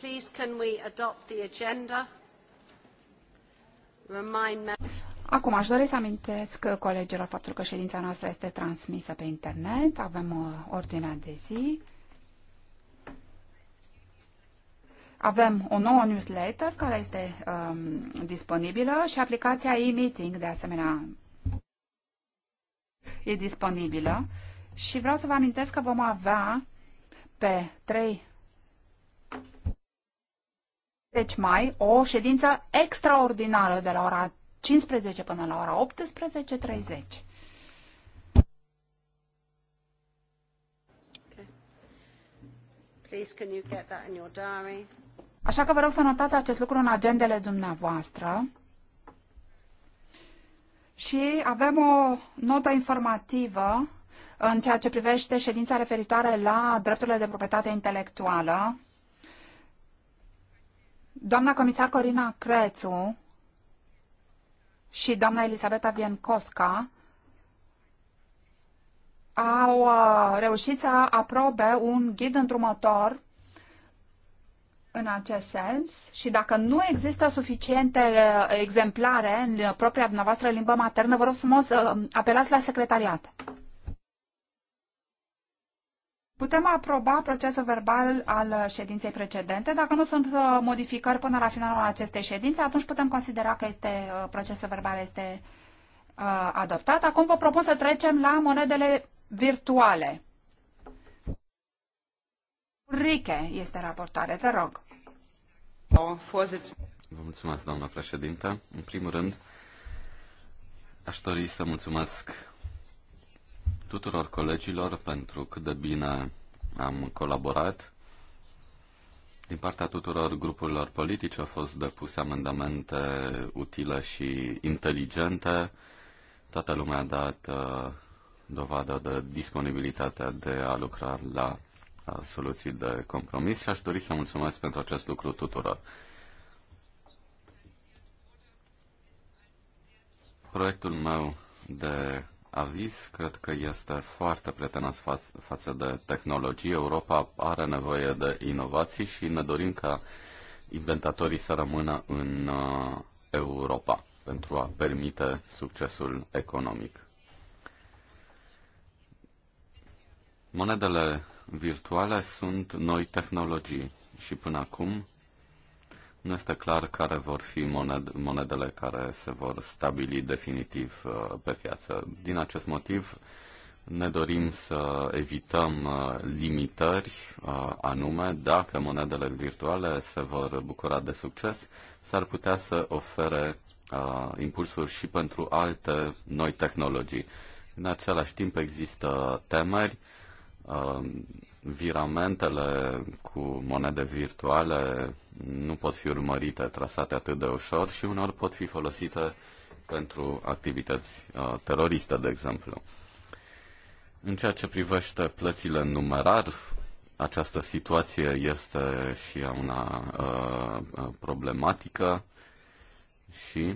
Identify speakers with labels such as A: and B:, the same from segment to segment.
A: Please can we adopt the agenda? Remind me
B: Acum aș dori să amintesc colegilor faptul că ședința noastră este transmisă pe internet, avem o uh, ordine de zi, avem o nouă newsletter care este um, disponibilă și aplicația e-meeting de asemenea e disponibilă și vreau să vă amintesc că vom avea pe 3 10 deci mai, o ședință extraordinară de la ora 15 până la ora 18.30. Așa că vă rog să notați acest lucru în agendele dumneavoastră. Și avem o notă informativă în ceea ce privește ședința referitoare la drepturile de proprietate intelectuală Doamna comisar Corina Crețu și doamna Elisabeta Viencosca au uh, reușit să aprobe un ghid îndrumător în acest sens și dacă nu există suficiente uh, exemplare în propria dumneavoastră limbă maternă, vă rog frumos, uh, apelați la secretariat. Putem aproba procesul verbal al ședinței precedente. Dacă nu sunt uh, modificări până la finalul acestei ședințe, atunci putem considera că este, uh, procesul verbal este uh, adoptat. Acum vă propun să trecem la monedele virtuale. Rike este raportare, te rog.
A: Vă
C: mulțumesc, doamna președintă. În primul rând, aș dori să mulțumesc tuturor colegilor pentru cât de bine am colaborat. Din partea tuturor grupurilor politice au fost depuse amendamente utile și inteligente. Toată lumea a dat uh, dovadă de disponibilitatea de a lucra la uh, soluții de compromis și aș dori să mulțumesc pentru acest lucru tuturor. Proiectul meu de aviz. Cred că este foarte prietenos fa- față de tehnologie. Europa are nevoie de inovații și ne dorim ca inventatorii să rămână în uh, Europa pentru a permite succesul economic. Monedele virtuale sunt noi tehnologii și până acum nu este clar care vor fi moned- monedele care se vor stabili definitiv uh, pe piață. Din acest motiv, ne dorim să evităm uh, limitări uh, anume. Dacă monedele virtuale se vor bucura de succes, s-ar putea să ofere impulsuri și pentru alte noi tehnologii. În același timp există temeri Um, viramentele cu monede virtuale nu pot fi urmărite, trasate atât de ușor și unor pot fi folosite pentru activități uh, teroriste, de exemplu. În ceea ce privește plățile numerar, această situație este și una uh, uh, problematică și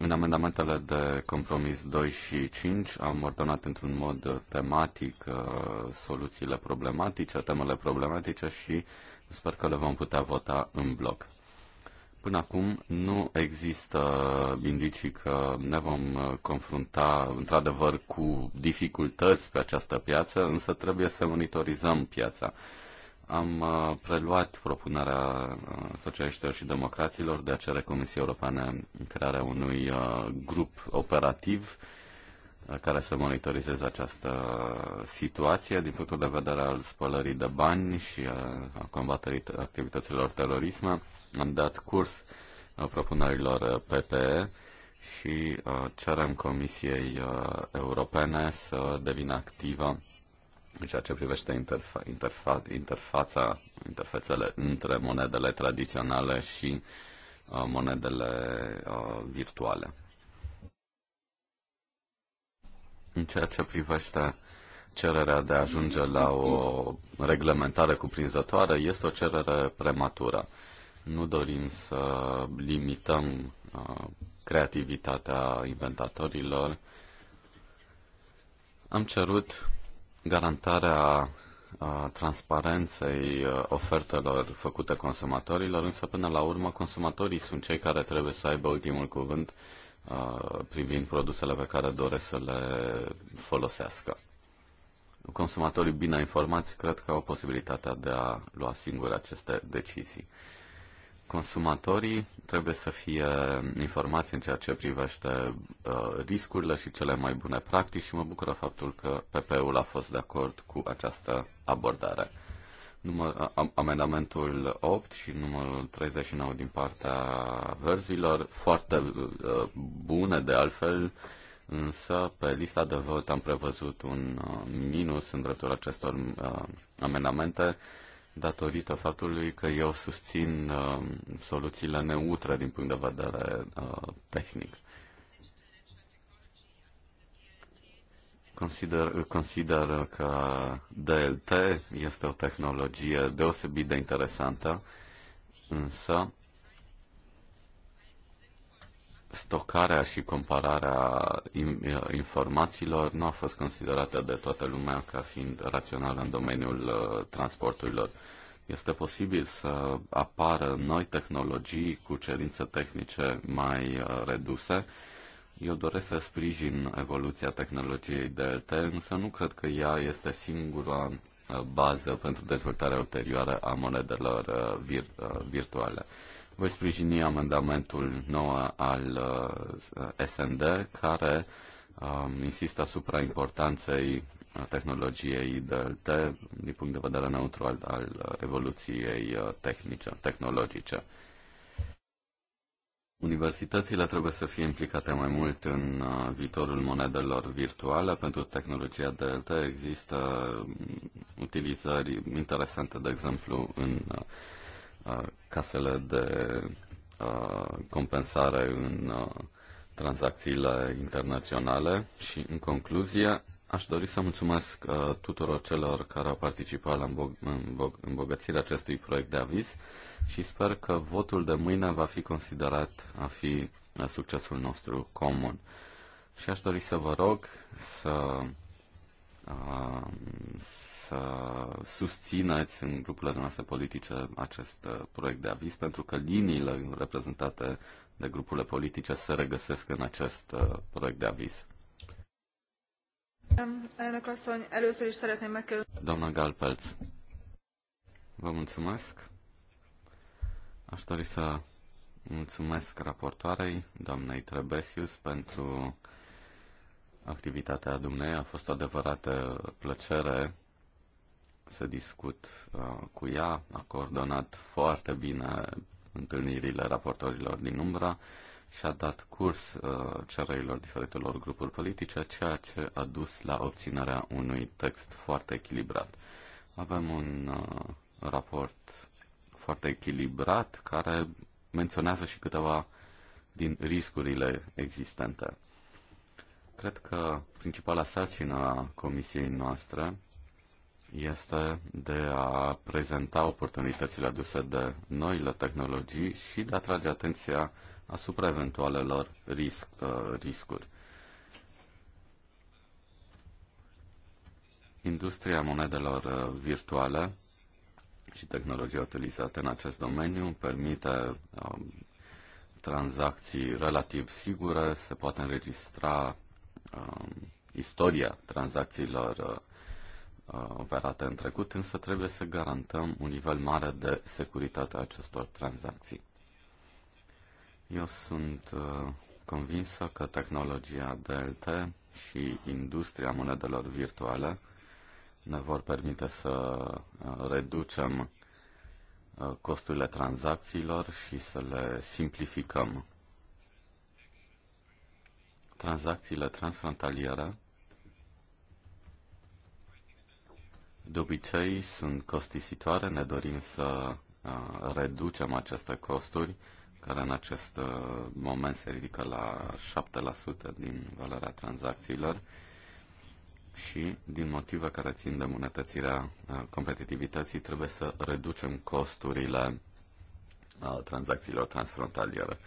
C: în amendamentele de compromis 2 și 5 am ordonat într-un mod tematic uh, soluțiile problematice, temele problematice și sper că le vom putea vota în bloc. Până acum nu există indicii că ne vom uh, confrunta într-adevăr cu dificultăți pe această piață, însă trebuie să monitorizăm piața. Am uh, preluat propunerea uh, socialiștilor și democraților de a cere Comisiei Europene crearea unui uh, grup operativ care să monitorizeze această situație din punctul de vedere al spălării de bani și a combaterii activităților terorisme. Am dat curs propunerilor PPE și cerem Comisiei Europene să devină activă în ceea ce privește interfa- interfa- interfața, interfețele între monedele tradiționale și uh, monedele uh, virtuale. În ceea ce privește cererea de a ajunge la o reglementare cuprinzătoare, este o cerere prematură. Nu dorim să limităm uh, creativitatea inventatorilor. Am cerut garantarea transparenței ofertelor făcute consumatorilor, însă până la urmă consumatorii sunt cei care trebuie să aibă ultimul cuvânt privind produsele pe care doresc să le folosească. Consumatorii bine informați cred că au posibilitatea de a lua singuri aceste decizii. Consumatorii trebuie să fie informați în ceea ce privește uh, riscurile și cele mai bune practici și mă bucură faptul că PP-ul a fost de acord cu această abordare. Număr, amendamentul 8 și numărul 39 din partea verzilor, foarte uh, bune de altfel, însă pe lista de vot am prevăzut un uh, minus în dreptul acestor amendamente datorită faptului că eu susțin uh, soluțiile neutre din punct de vedere uh, tehnic. Consider, consider că DLT este o tehnologie deosebit de interesantă, însă stocarea și compararea informațiilor nu a fost considerată de toată lumea ca fiind rațională în domeniul uh, transporturilor. Este posibil să apară noi tehnologii cu cerințe tehnice mai uh, reduse. Eu doresc să sprijin evoluția tehnologiei DLT, însă nu cred că ea este singura uh, bază pentru dezvoltarea ulterioară a monedelor virtuale. Voi sprijini amendamentul nou al uh, SND, care um, insistă asupra importanței tehnologiei DLT din punct de vedere neutru al, al evoluției uh, tehnice, tehnologice. Universitățile trebuie să fie implicate mai mult în uh, viitorul monedelor virtuale. Pentru tehnologia DLT există um, utilizări interesante, de exemplu, în casele de compensare în tranzacțiile internaționale și, în concluzie, aș dori să mulțumesc tuturor celor care au participat la îmbogățirea acestui proiect de aviz și sper că votul de mâine va fi considerat a fi succesul nostru comun. Și aș dori să vă rog să Uh, să susțineți în grupurile noastre politice acest uh, proiect de aviz, pentru că liniile reprezentate de grupurile politice se regăsesc în acest uh, proiect de aviz. Um, Doamna Galpelț, vă mulțumesc. Aș dori să mulțumesc raportoarei, doamnei Trebesius, pentru activitatea dumnei. A fost o adevărată plăcere să discut uh, cu ea. A coordonat foarte bine întâlnirile raportorilor din umbra și a dat curs uh, cerăilor diferitelor grupuri politice, ceea ce a dus la obținerea unui text foarte echilibrat. Avem un uh, raport foarte echilibrat care menționează și câteva din riscurile existente. Cred că principala sarcină a comisiei noastre este de a prezenta oportunitățile aduse de noile tehnologii și de a atrage atenția asupra eventualelor risc, uh, riscuri. Industria monedelor uh, virtuale și tehnologia utilizată în acest domeniu permite um, tranzacții relativ sigure, se poate înregistra Um, istoria tranzacțiilor uh, uh, operate în trecut, însă trebuie să garantăm un nivel mare de securitate a acestor tranzacții. Eu sunt uh, convinsă că tehnologia DLT și industria monedelor virtuale ne vor permite să reducem costurile tranzacțiilor și să le simplificăm tranzacțiile transfrontaliere de obicei sunt costisitoare, ne dorim să uh, reducem aceste costuri, care în acest uh, moment se ridică la 7% din valoarea tranzacțiilor și din motive care țin de monetățirea uh, competitivității trebuie să reducem costurile tranzacțiilor transfrontaliere.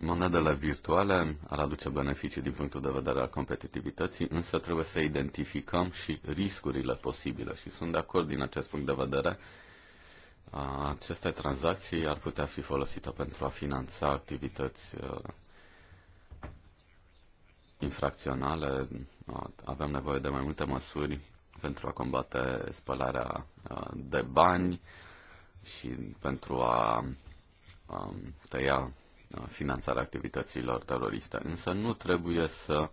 C: Monedele virtuale ar aduce beneficii din punctul de vedere al competitivității, însă trebuie să identificăm și riscurile posibile și sunt de acord din acest punct de vedere. Aceste tranzacții ar putea fi folosite pentru a finanța activități infracționale. Avem nevoie de mai multe măsuri pentru a combate spălarea de bani și pentru a tăia finanțarea activităților teroriste. Însă nu trebuie să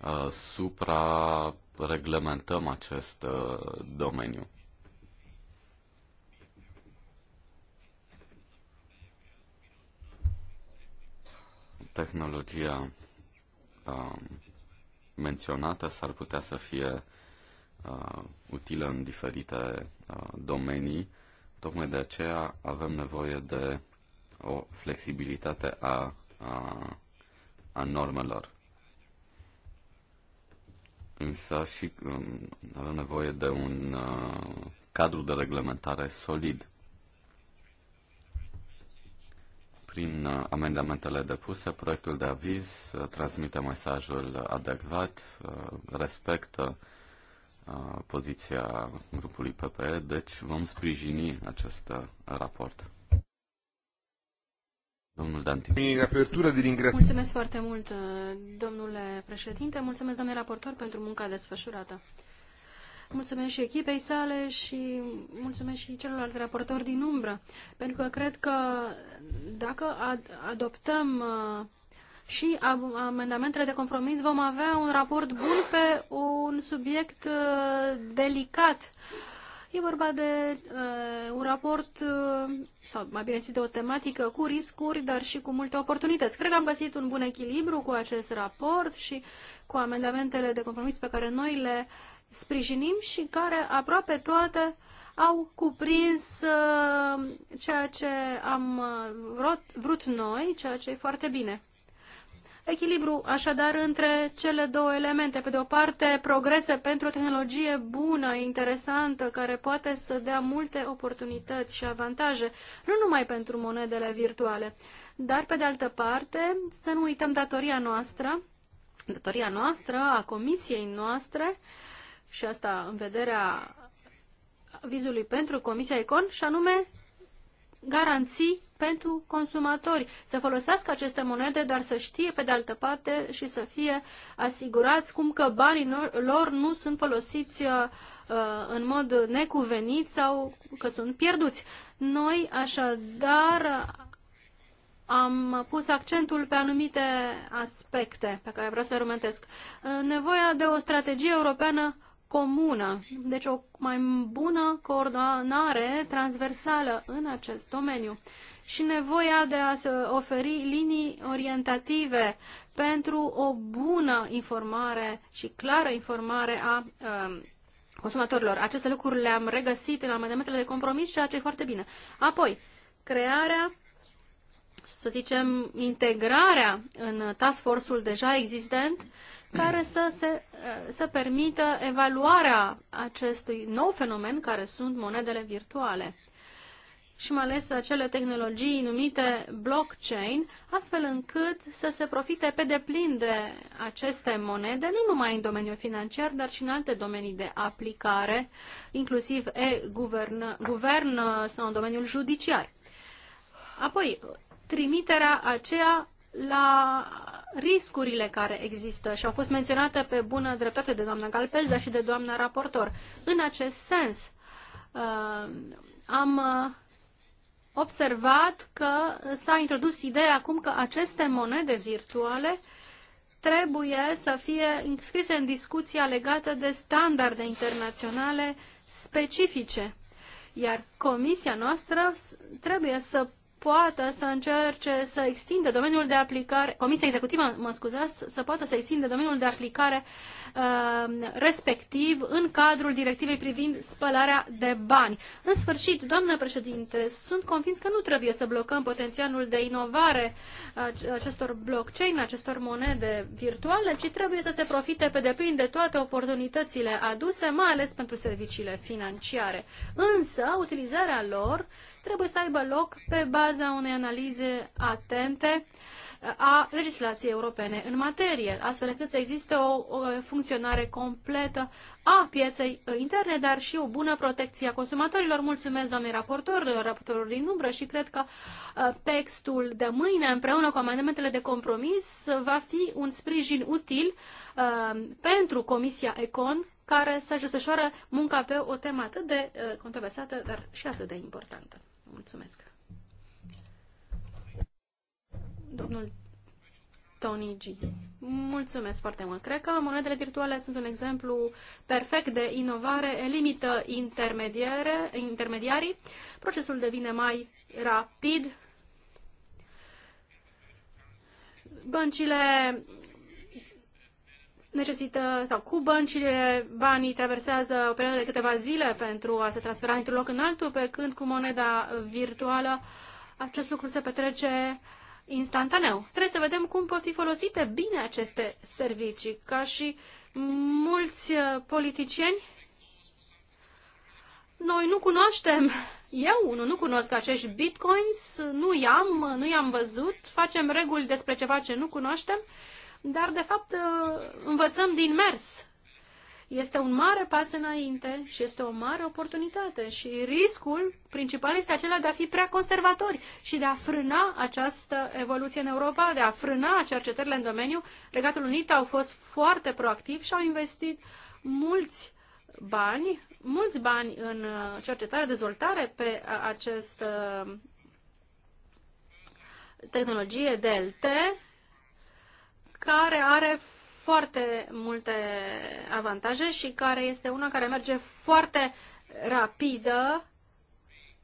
C: uh, suprareglementăm acest uh, domeniu. Tehnologia uh, menționată s-ar putea să fie utilă în diferite domenii. Tocmai de aceea avem nevoie de o flexibilitate a, a, a normelor. Însă și um, avem nevoie de un uh, cadru de reglementare solid. Prin uh, amendamentele depuse, proiectul de aviz uh, transmite mesajul adecvat, uh, respectă uh, poziția grupului PPE, deci vom sprijini acest uh, raport. Domnul Danti. Mulțumesc
D: foarte mult, domnule președinte. Mulțumesc, domnule raportor, pentru munca desfășurată. Mulțumesc și echipei sale și mulțumesc și celorlalți raportori din umbră, pentru că cred că dacă ad- adoptăm uh, și amendamentele de compromis vom avea un raport bun pe un subiect uh, delicat. Uh, E vorba de uh, un raport, uh, sau mai bine zis, de o tematică cu riscuri, dar și cu multe oportunități. Cred că am găsit un bun echilibru cu acest raport și cu amendamentele de compromis pe care noi le sprijinim și care aproape toate au cuprins uh, ceea ce am uh, vrut, vrut noi, ceea ce e foarte bine echilibru așadar între cele două elemente. Pe de o parte, progrese pentru o tehnologie bună, interesantă, care poate să dea multe oportunități și avantaje, nu numai pentru monedele virtuale, dar pe de altă parte, să nu uităm datoria noastră, datoria noastră, a comisiei noastre, și asta în vederea vizului pentru Comisia Econ, și anume garanții pentru consumatori, să folosească aceste monede, dar să știe pe de altă parte și să fie asigurați cum că banii lor nu sunt folosiți uh, uh, în mod necuvenit sau că sunt pierduți. Noi așadar am pus accentul pe anumite aspecte pe care vreau să le argumentesc. Nevoia de o strategie europeană comună, deci o mai bună coordonare transversală în acest domeniu și nevoia de a se oferi linii orientative pentru o bună informare și clară informare a um, consumatorilor. Aceste lucruri le-am regăsit în amendamentele de compromis, ceea ce e foarte bine. Apoi, crearea să zicem, integrarea în task force-ul deja existent uh, care să, se, eh, să permită evaluarea acestui nou fenomen care sunt monedele virtuale și mai ales acele tehnologii numite blockchain, astfel încât să se profite pe deplin de aceste monede, nu numai în domeniul financiar, dar și în alte domenii de aplicare, inclusiv e-guvern guvern eh, sau în domeniul judiciar. Apoi, trimiterea aceea la riscurile care există și au fost menționate pe bună dreptate de doamna Galpelza și de doamna raportor. În acest sens, uh, am uh, observat că s-a introdus ideea acum că aceste monede virtuale trebuie să fie înscrise în discuția legată de standarde internaționale specifice. Iar comisia noastră trebuie să poată să încerce să extinde domeniul de aplicare, Comisia Executivă, mă scuzați, să poată să extinde domeniul de aplicare uh, respectiv în cadrul directivei privind spălarea de bani. În sfârșit, doamnă președinte, sunt convins că nu trebuie să blocăm potențialul de inovare acestor blockchain, acestor monede virtuale, ci trebuie să se profite pe deplin de toate oportunitățile aduse, mai ales pentru serviciile financiare. Însă, utilizarea lor trebuie să aibă loc pe baza unei analize atente a legislației europene în materie, astfel încât să existe o, o funcționare completă a pieței interne, dar și o bună protecție a consumatorilor. Mulțumesc, doamne raportor, raportorul din umbră și cred că uh, textul de mâine, împreună cu amendamentele de compromis, va fi un sprijin util uh, pentru Comisia Econ, care să-și desfășoară munca pe o temă atât de uh, controversată, dar și atât de importantă. Mulțumesc. Domnul Tony G. Mulțumesc foarte mult. Cred că monedele virtuale sunt un exemplu perfect de inovare, limită intermediarii, procesul devine mai rapid, băncile necesită, sau cu băncile, banii traversează o perioadă de câteva zile pentru a se transfera într-un loc în altul, pe când cu moneda virtuală acest lucru se petrece instantaneu. Trebuie să vedem cum pot fi folosite bine aceste servicii, ca și mulți uh, politicieni. Noi nu cunoaștem, eu nu, nu cunosc acești bitcoins, nu i-am, nu i-am văzut, facem reguli despre ceva ce nu cunoaștem dar de fapt ă, învățăm din mers. Este un mare pas înainte și este o mare oportunitate și riscul principal este acela de a fi prea conservatori și de a frâna această evoluție în Europa, de a frâna cercetările în domeniu. Regatul Unit au fost foarte proactivi și au investit mulți bani, mulți bani în ă, cercetare, dezvoltare pe ă, această tehnologie DLT care are foarte multe avantaje și care este una care merge foarte rapidă.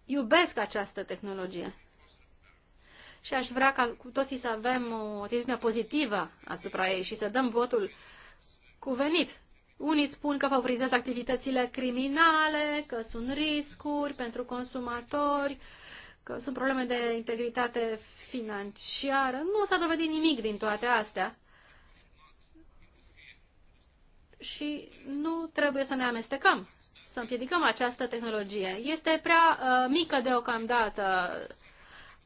D: Iubesc această tehnologie. Și aș vrea ca cu toții să avem o atitudine pozitivă asupra ei și să dăm votul cuvenit. Unii spun că favorizează activitățile criminale, că sunt riscuri pentru consumatori, că sunt probleme de integritate financiară. Nu s-a dovedit nimic din toate astea și nu trebuie să ne amestecăm, să împiedicăm această tehnologie. Este prea uh, mică deocamdată.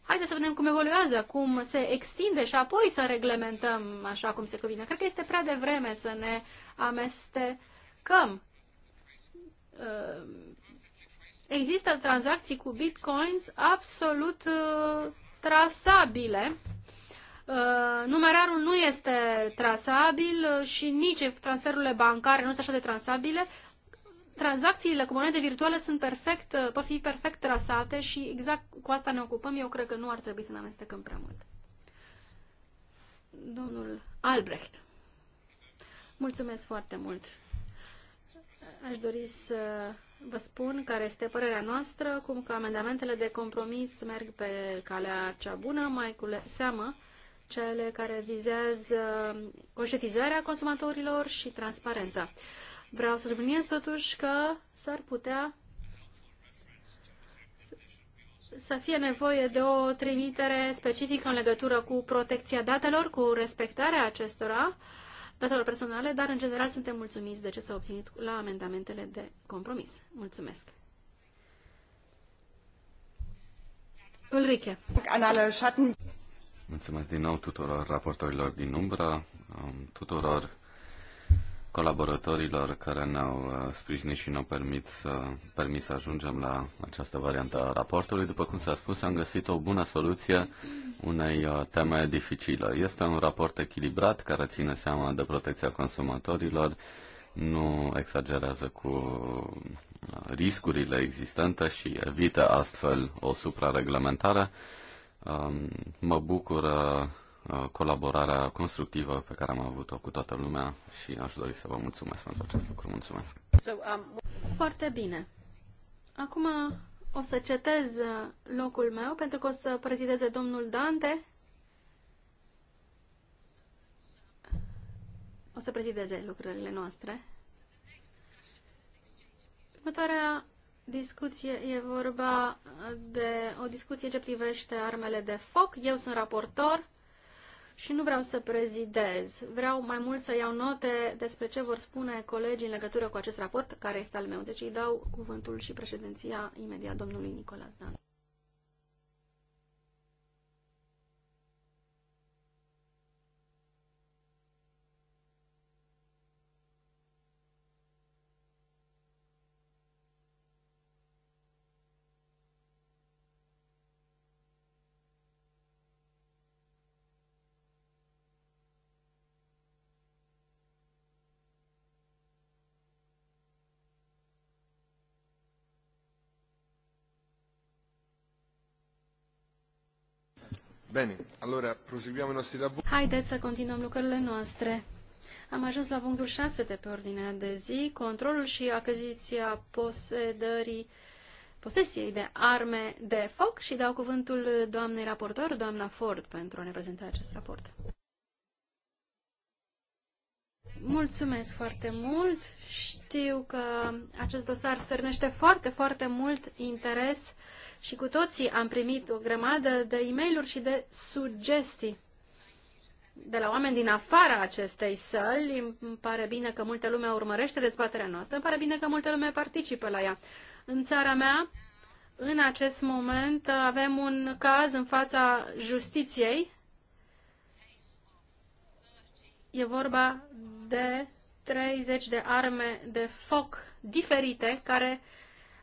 D: Haideți să vedem cum evoluează, cum se extinde și apoi să reglementăm așa cum se cuvine. Cred că este prea devreme să ne amestecăm. Uh, există tranzacții cu bitcoins absolut uh, trasabile Uh, numerarul nu este transabil și nici transferurile bancare nu sunt așa de transabile. Tranzacțiile cu monede virtuale sunt perfect, uh, pot fi perfect trasate și exact cu asta ne ocupăm. Eu cred că nu ar trebui să ne amestecăm prea mult. Domnul Albrecht. Mulțumesc foarte mult. Aș dori să vă spun care este părerea noastră, cum că amendamentele de compromis merg pe calea cea bună, mai cu seamă cele care vizează conștientizarea consumatorilor și transparența. Vreau să subliniez totuși că s-ar putea să fie nevoie de o trimitere specifică în legătură cu protecția datelor, cu respectarea acestora, datelor personale, dar în general suntem mulțumiți de ce s-a obținut la amendamentele de compromis. Mulțumesc! Ulrike. Schatten.
C: Mulțumesc din nou tuturor raportorilor din umbră, um, tuturor colaboratorilor care ne-au uh, sprijinit și ne-au permis să, permis să ajungem la această variantă a raportului. După cum s-a spus, am găsit o bună soluție unei uh, teme dificile. Este un raport echilibrat care ține seama de protecția consumatorilor, nu exagerează cu uh, riscurile existente și evită astfel o suprareglementare. Mă bucură colaborarea constructivă pe care am avut-o cu toată lumea și aș dori să vă mulțumesc pentru acest lucru. Mulțumesc!
D: Um, foarte bine! Acum o să cetez uh, locul meu pentru că o să prezideze domnul Dante. O să prezideze lucrurile noastre. Următoarea discuție, e vorba de o discuție ce privește armele de foc. Eu sunt raportor și nu vreau să prezidez. Vreau mai mult să iau note despre ce vor spune colegii în legătură cu acest raport, care este al meu. Deci îi dau cuvântul și președinția imediat domnului Nicolas Dan.
A: Bine, allora proseguiamo i nostri lavori.
D: Haideți să continuăm lucrările noastre. Am ajuns la punctul 6 de pe ordinea de zi, controlul și achiziția posedării posesiei de arme de foc și dau cuvântul doamnei raportor, doamna Ford, pentru a ne prezenta acest raport. Mulțumesc foarte mult. Știu că acest dosar stârnește foarte, foarte mult interes și cu toții am primit o grămadă de e mail și de sugestii de la oameni din afara acestei săli. Îmi pare bine că multă lume urmărește dezbaterea noastră, îmi pare bine că multă lume participă la ea. În țara mea, în acest moment, avem un caz în fața justiției E vorba de 30 de arme de foc diferite care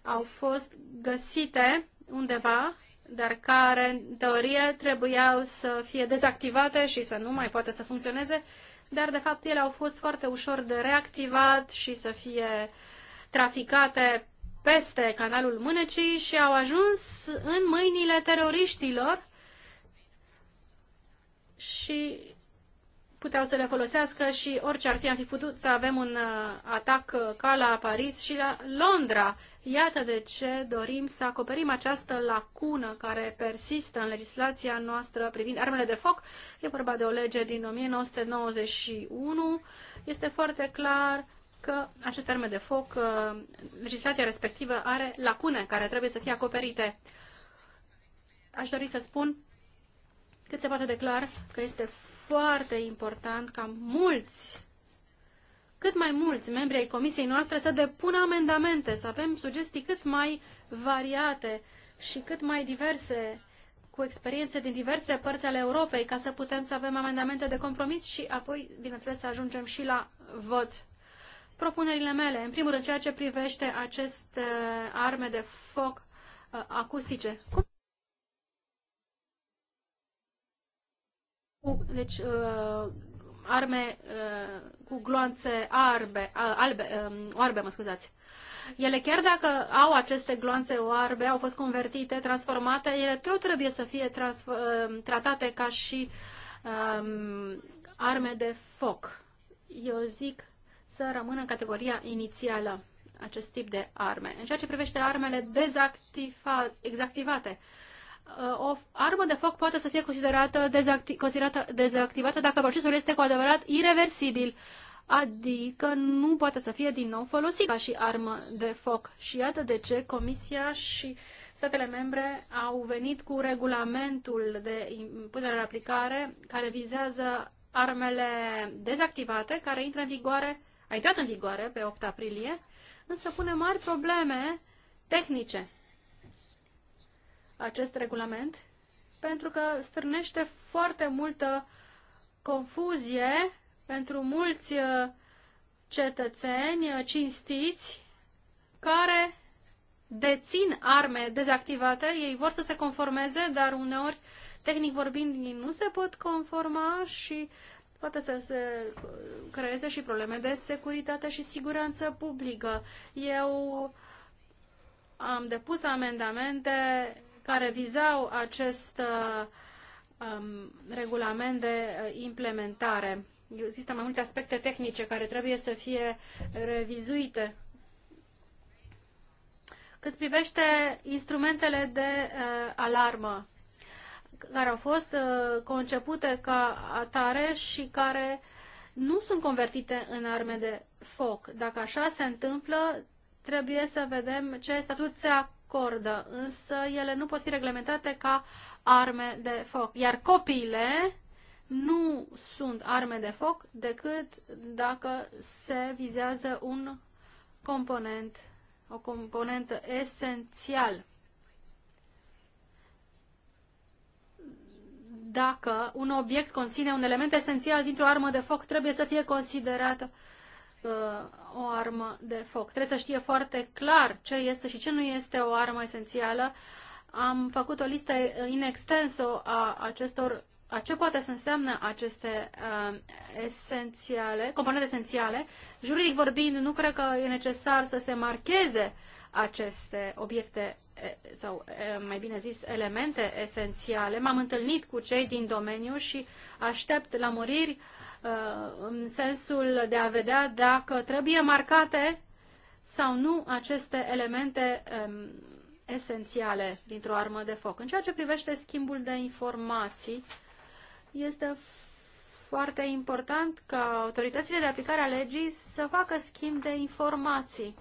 D: au fost găsite undeva, dar care, în teorie, trebuiau să fie dezactivate și să nu mai poată să funcționeze, dar, de fapt, ele au fost foarte ușor de reactivat și să fie traficate peste canalul Mânecii și au ajuns în mâinile teroriștilor și puteau să le folosească și orice ar fi, am fi putut să avem un uh, atac uh, ca la Paris și la Londra. Iată de ce dorim să acoperim această lacună care persistă în legislația noastră privind armele de foc. E vorba de o lege din 1991. Este foarte clar că aceste arme de foc, uh, legislația respectivă are lacune care trebuie să fie acoperite. Aș dori să spun cât se poate declar că este foarte important ca mulți, cât mai mulți membri ai comisiei noastre să depună amendamente, să avem sugestii cât mai variate și cât mai diverse, cu experiențe din diverse părți ale Europei, ca să putem să avem amendamente de compromis și apoi, bineînțeles, să ajungem și la vot. Propunerile mele, în primul rând, ceea ce privește aceste uh, arme de foc uh, acustice. Cum deci uh, arme uh, cu gloanțe arbe, uh, albe, uh, oarbe, mă scuzați. Ele chiar dacă au aceste gloanțe oarbe, au fost convertite, transformate, ele tot trebuie să fie uh, tratate ca și uh, arme de foc. Eu zic să rămână în categoria inițială acest tip de arme. În ceea ce privește armele dezactivate, o armă de foc poate să fie considerată, dezacti- considerată dezactivată dacă procesul este cu adevărat irreversibil, adică nu poate să fie din nou folosit ca și armă de foc. Și iată de ce Comisia și statele membre au venit cu regulamentul de punere în aplicare care vizează armele dezactivate, care intră în vigoare, a intrat în vigoare pe 8 aprilie, însă pune mari probleme tehnice acest regulament pentru că strânește foarte multă confuzie pentru mulți uh, cetățeni uh, cinstiți care dețin arme dezactivate, ei vor să se
A: conformeze,
D: dar uneori, tehnic vorbind, ei nu se pot conforma și poate să se uh, creeze și probleme de securitate și siguranță publică. Eu am depus amendamente care vizau acest uh, um, regulament de uh, implementare. Există mai multe aspecte tehnice care trebuie să fie revizuite. Cât privește instrumentele de uh, alarmă, care au fost uh, concepute ca atare și care nu sunt convertite în arme de foc. Dacă așa se întâmplă, trebuie să vedem ce statut se acordă, însă ele nu pot fi reglementate ca arme de foc. Iar copiile nu sunt arme de foc decât dacă se vizează un component, o componentă esențial. Dacă un obiect conține un element esențial dintr-o armă de foc, trebuie să fie considerată uh, Uh, o armă de foc. Trebuie să știe foarte clar ce este și ce nu este o armă esențială. Am făcut o listă in extenso a acestor a ce poate să înseamnă aceste uh, esențiale, componente esențiale. Juridic vorbind, nu cred că e necesar să se marcheze aceste obiecte sau mai bine zis elemente esențiale. M-am întâlnit cu cei din domeniu și aștept muriri uh, Uh, în sensul de a vedea dacă trebuie marcate sau nu aceste elemente um, esențiale dintr-o armă de foc. În ceea ce privește schimbul de informații, este foarte important ca autoritățile de aplicare a legii să facă schimb de informații.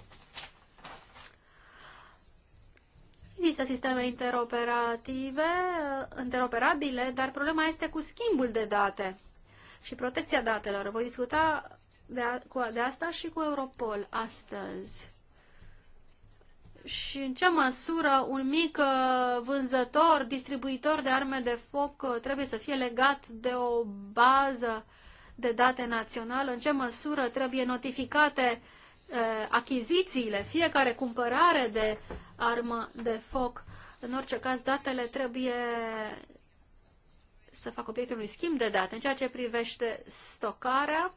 D: Există sisteme interoperative, interoperabile, dar problema este cu schimbul de date și protecția datelor. Voi discuta de, a, cu, de asta și cu Europol astăzi. Și în ce măsură un mic uh, vânzător, distribuitor de arme de foc uh, trebuie să fie legat de o bază de date națională? În ce măsură trebuie notificate uh, achizițiile, fiecare cumpărare de armă de foc? În orice caz, datele trebuie să facă obiectul unui schimb de date. În ceea ce privește stocarea,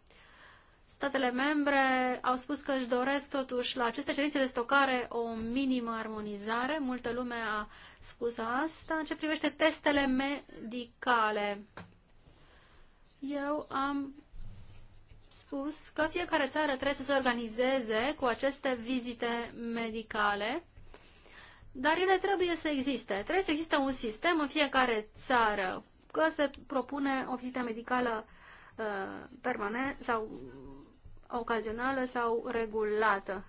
D: statele membre au spus că își doresc totuși la aceste cerințe de stocare o minimă armonizare. Multă lume a spus asta. În ce privește testele medicale, eu am spus că fiecare țară trebuie să se organizeze cu aceste vizite medicale, dar ele trebuie să existe. Trebuie să existe un sistem în fiecare țară că se propune o vizită medicală uh, permanent sau ocazională sau regulată.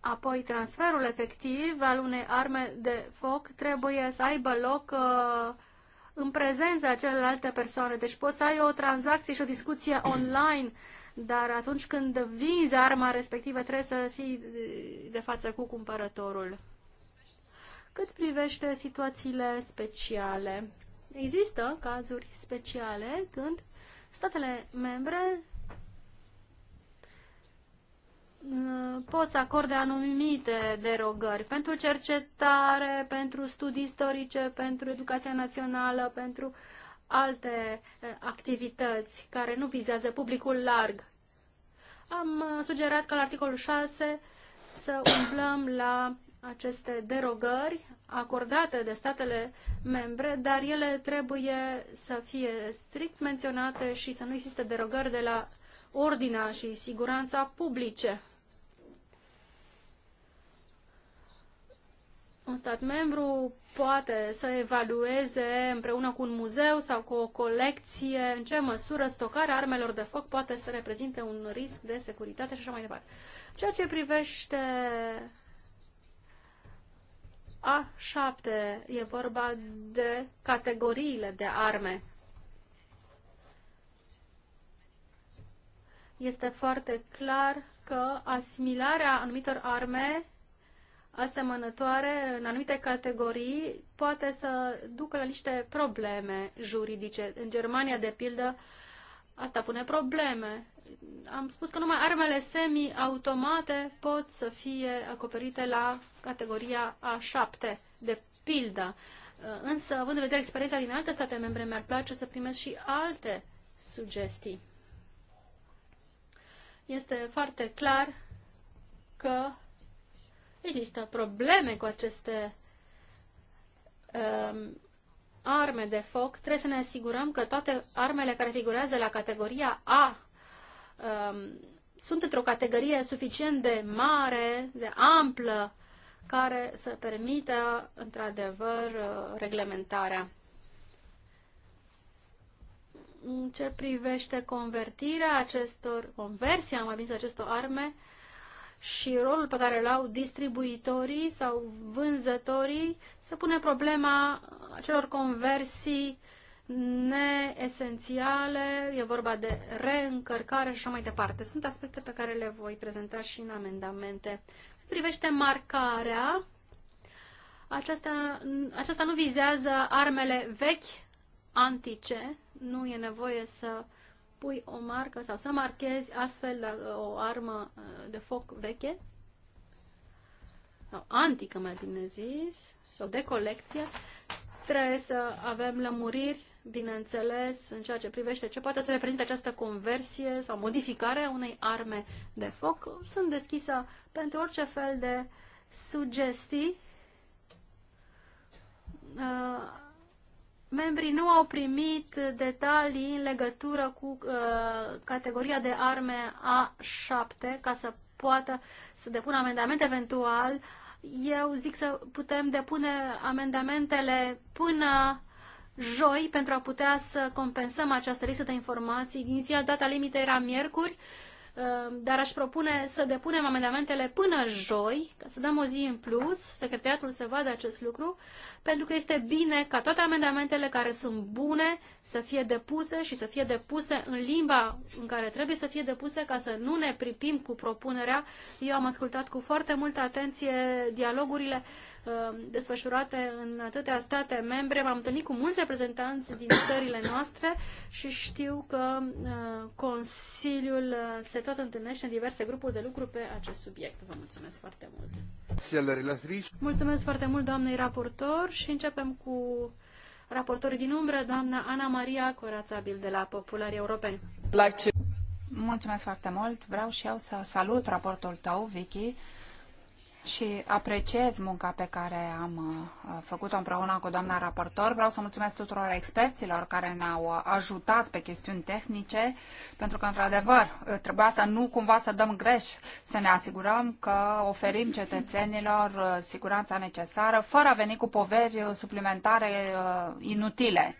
D: Apoi, transferul efectiv al unei arme de foc trebuie să aibă loc uh, în prezența celelalte persoane. Deci poți să ai o tranzacție și o discuție online, dar atunci când vinzi arma respectivă trebuie să fii de față cu cumpărătorul. Cât privește situațiile speciale, există cazuri speciale când statele membre uh, pot să acorde anumite derogări pentru cercetare, pentru studii istorice, pentru educația națională, pentru alte uh, activități care nu vizează publicul larg. Am uh, sugerat că la articolul 6 să umblăm la aceste derogări acordate de statele membre, dar ele trebuie să fie strict menționate și să nu existe derogări de la ordinea și siguranța publice. Un stat membru poate să evalueze împreună cu un muzeu sau cu o colecție în ce măsură stocarea armelor de foc poate să reprezinte un risc de securitate și așa mai departe. Ceea ce privește a7 e vorba de categoriile de arme. Este foarte clar că asimilarea anumitor arme asemănătoare în anumite categorii poate să ducă la niște probleme juridice. În Germania, de pildă, Asta pune probleme. Am spus că numai armele semi-automate pot să fie acoperite la categoria A7, de pildă. Însă, având în vedere experiența din alte state membre, mi-ar place să primesc și alte sugestii. Este foarte clar că există probleme cu aceste um, arme de foc, trebuie să ne asigurăm că toate armele care figurează la categoria A um, sunt într-o categorie suficient de mare, de amplă, care să permită, într-adevăr, uh, reglementarea. În ce privește convertirea acestor, conversia, mai bine acestor arme, și rolul pe care îl au distribuitorii sau vânzătorii, se pune problema acelor conversii neesențiale, e vorba de reîncărcare și așa mai departe. Sunt aspecte pe care le voi prezenta și în amendamente. Privește marcarea, aceasta, aceasta nu vizează armele vechi, antice, nu e nevoie să uh, pui o marcă sau să marchezi astfel uh, o armă uh, de foc veche sau antică, mai bine zis, sau de colecție, trebuie să avem lămuriri, bineînțeles, în ceea ce privește ce poate să reprezinte această conversie sau modificare a unei arme de foc. Sunt deschisă pentru orice fel de sugestii. Uh, membrii nu au primit detalii în legătură cu uh, categoria de arme A7 ca să poată să depună amendament eventual. Eu zic să putem depune amendamentele până joi pentru a putea să compensăm această listă de informații. Inițial data limită era miercuri Ehm, dar aș propune să depunem amendamentele până joi, ca să dăm o zi în plus, secretariatul să vadă acest lucru, pentru că este bine ca toate amendamentele care sunt bune să fie depuse și să fie depuse în limba în care trebuie să fie depuse ca să nu ne pripim cu propunerea. Eu am ascultat cu foarte multă atenție dialogurile Uh, desfășurate în atâtea state membre. M-am întâlnit cu mulți reprezentanți din țările noastre și știu că uh, Consiliul uh, se tot întâlnește în diverse grupuri de lucru pe acest subiect. Vă mulțumesc foarte
A: mult!
D: Mulțumesc foarte mult doamnei raportor și începem cu raportorii din umbră, doamna Ana Maria Corațabil de la Populari Europeni.
B: Mulțumesc foarte mult! Vreau și eu să salut raportul tău, Vicky și apreciez munca pe care am uh, făcut-o împreună cu doamna raportor. Vreau să mulțumesc tuturor experților care ne-au uh, ajutat pe chestiuni tehnice, pentru că, într-adevăr, uh, trebuia să nu cumva să dăm greș, să ne asigurăm că oferim cetățenilor siguranța necesară, fără a veni cu poveri suplimentare inutile.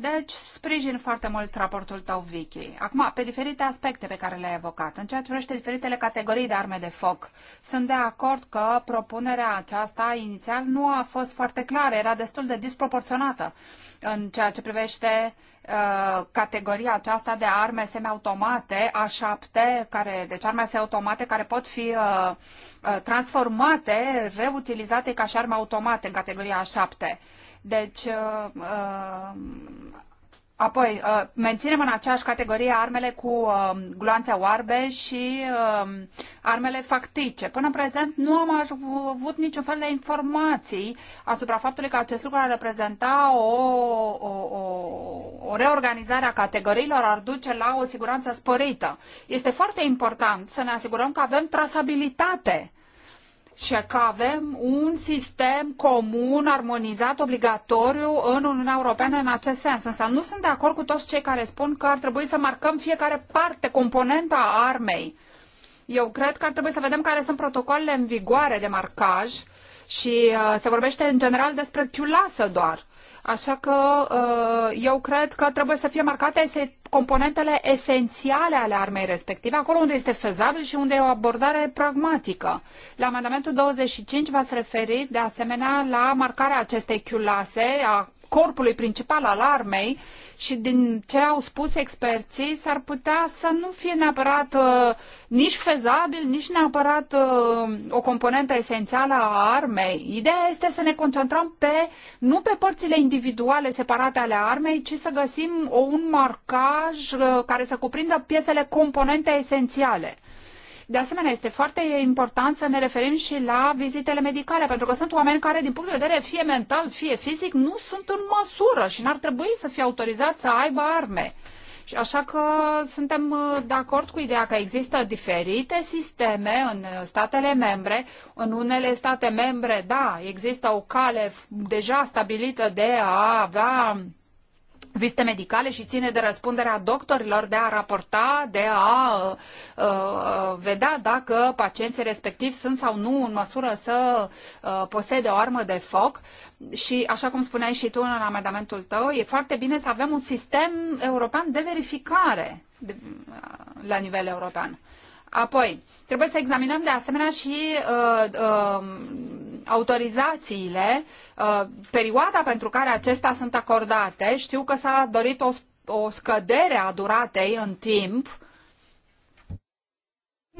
B: Deci, sprijin foarte mult raportul tău, Vicky. Acum, pe diferite aspecte pe care le-ai evocat, în ceea ce privește diferitele categorii de arme de foc, sunt de acord că propunerea aceasta inițial nu a fost foarte clară, era destul de disproporționată în ceea ce privește uh, categoria aceasta de arme semiautomate, A7, care, deci arme semiautomate care pot fi uh, uh, transformate, reutilizate ca și arme automate în categoria A7. Deci, uh, uh, apoi, uh, menținem în aceeași categorie armele cu gloanțe oarbe și armele factice. Până în prezent nu am avut niciun fel de informații asupra faptului că acest lucru ar reprezenta o, o, o, o reorganizare a categoriilor, ar duce la o siguranță sporită. Este foarte important să ne asigurăm că avem trasabilitate și că avem un sistem comun, armonizat, obligatoriu în Uniunea Europeană în acest sens. Însă nu sunt de acord cu toți cei care spun că ar trebui să marcăm fiecare parte, componentă a armei. Eu cred că ar trebui să vedem care sunt protocoalele în vigoare de marcaj și uh, se vorbește în general despre chiulasă doar. Așa că uh, eu cred că trebuie să fie marcate componentele esențiale ale armei respective, acolo unde este fezabil și unde e o abordare pragmatică. La amendamentul 25 v-ați referit de asemenea la marcarea acestei chiulase, a corpului principal al armei și din ce au spus experții, s-ar putea să nu fie neapărat uh, nici fezabil, nici neapărat uh, o componentă esențială a armei. Ideea este să ne concentrăm pe, nu pe părțile individuale separate ale armei, ci să găsim un marcaj uh, care să cuprindă piesele componente esențiale. De asemenea, este foarte important să ne referim și la vizitele medicale, pentru că sunt oameni care, din punct de vedere fie mental, fie fizic, nu sunt în măsură și n-ar trebui să fie autorizați să aibă arme. Așa că suntem uh, de acord cu ideea că există diferite sisteme în statele membre. În unele state membre, da, există o cale deja stabilită de a avea vizite medicale și ține de răspunderea doctorilor de a raporta, de a uh, uh, vedea dacă pacienții respectivi sunt sau nu în măsură să uh, posede o armă de foc. Și așa cum spuneai și tu în amendamentul tău, e foarte bine să avem un sistem european de verificare de, uh, la nivel european. Apoi, trebuie să examinăm de asemenea și uh, uh, autorizațiile, uh, perioada pentru care acestea sunt acordate. Știu că s-a dorit o, o scădere a duratei în timp.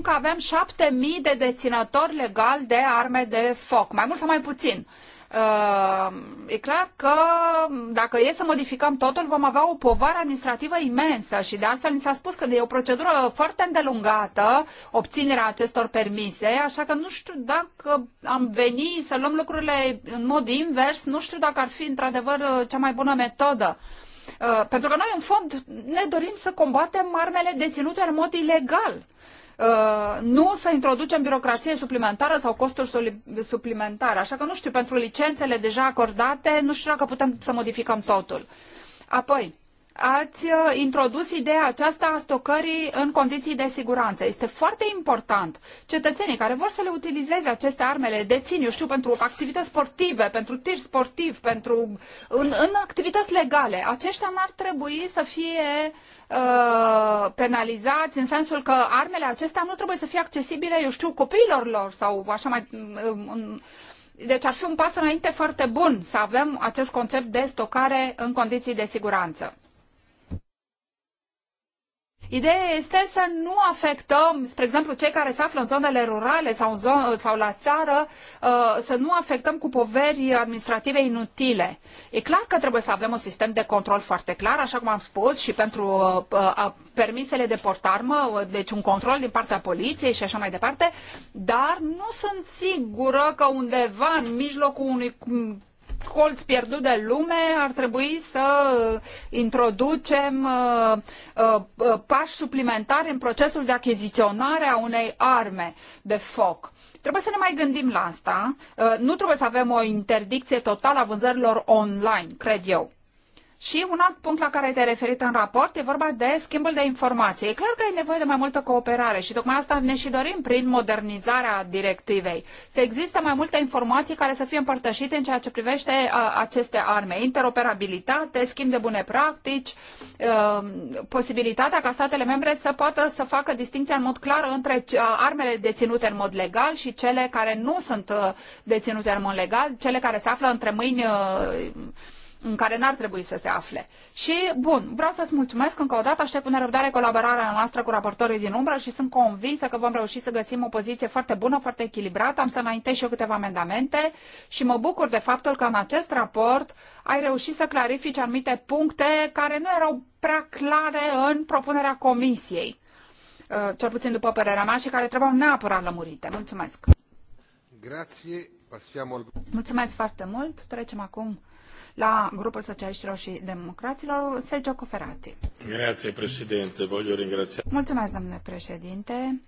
B: Că avem 7.000 de deținători legali de arme de foc, mai mult sau mai puțin. Uh, Uh, e clar că dacă e să modificăm totul, vom avea o povară administrativă imensă și de altfel ni s-a spus că e o procedură foarte îndelungată obținerea acestor permise, așa că nu știu dacă am veni să luăm lucrurile în mod invers, nu știu dacă ar fi într-adevăr uh, cea mai bună metodă. Uh, pentru că noi, în fond, ne dorim să combatem armele deținute în mod ilegal. Uh, nu să introducem birocrație suplimentară sau costuri suplimentare. Așa că nu știu, pentru licențele deja acordate, nu știu dacă putem să modificăm totul. Apoi, ați uh, introdus ideea aceasta a stocării în condiții de siguranță. Este foarte important. Cetățenii care vor să le utilizeze aceste armele, dețin, eu știu, pentru activități sportive, pentru tir sportiv, pentru în, în activități legale, aceștia n-ar trebui să fie uh, Uh, penalizați în sensul că armele acestea nu trebuie să fie accesibile, eu știu, copiilor lor sau așa mai... Uh, deci ar fi un pas înainte foarte bun să avem acest concept de stocare în condiții de siguranță. Ideea este să nu afectăm, spre exemplu, cei care se află în zonele rurale sau, în zon, sau la țară, uh, să nu afectăm cu poveri administrative inutile. E clar că trebuie să avem un sistem de control foarte clar, așa cum am spus, și pentru uh, uh, permisele de portarmă, deci un control din partea poliției și așa mai departe, dar nu sunt sigură că undeva în mijlocul unui colț pierdut de lume ar trebui să introducem uh, uh, uh, pași suplimentari în procesul de achiziționare a unei arme de foc. Trebuie să ne mai gândim la asta. Nu trebuie să avem o interdicție totală a vânzărilor online, cred eu. Și un alt punct la care te-ai referit în raport e vorba de schimbul de informații. E clar că e nevoie de mai multă cooperare și tocmai asta ne și dorim prin modernizarea directivei. Să există mai multe informații care să fie împărtășite în ceea ce privește uh, aceste arme. Interoperabilitate, schimb de bune practici, uh, posibilitatea ca statele membre să poată să facă distinția în mod clar între uh, armele deținute în mod legal și cele care nu sunt deținute în mod legal, cele care se află între mâini în care n-ar trebui să se afle. Și, bun, vreau să-ți mulțumesc încă o dată, aștept cu nerăbdare colaborarea noastră cu raportorii din umbră și sunt convinsă că vom reuși să găsim o poziție foarte bună, foarte echilibrată. Am să înaintez și eu câteva amendamente și mă bucur de faptul că în acest raport ai reușit să clarifici anumite puncte care nu erau prea clare în propunerea comisiei, uh, cel puțin după părerea mea, și care trebuiau neapărat lămurite. Mulțumesc! al... Mulțumesc foarte mult. Trecem acum la grupul socialiștilor și democraților, Sergio Coferati.
C: Grazie, președinte. Voglio ringrazia.
B: Mulțumesc, domnule președinte.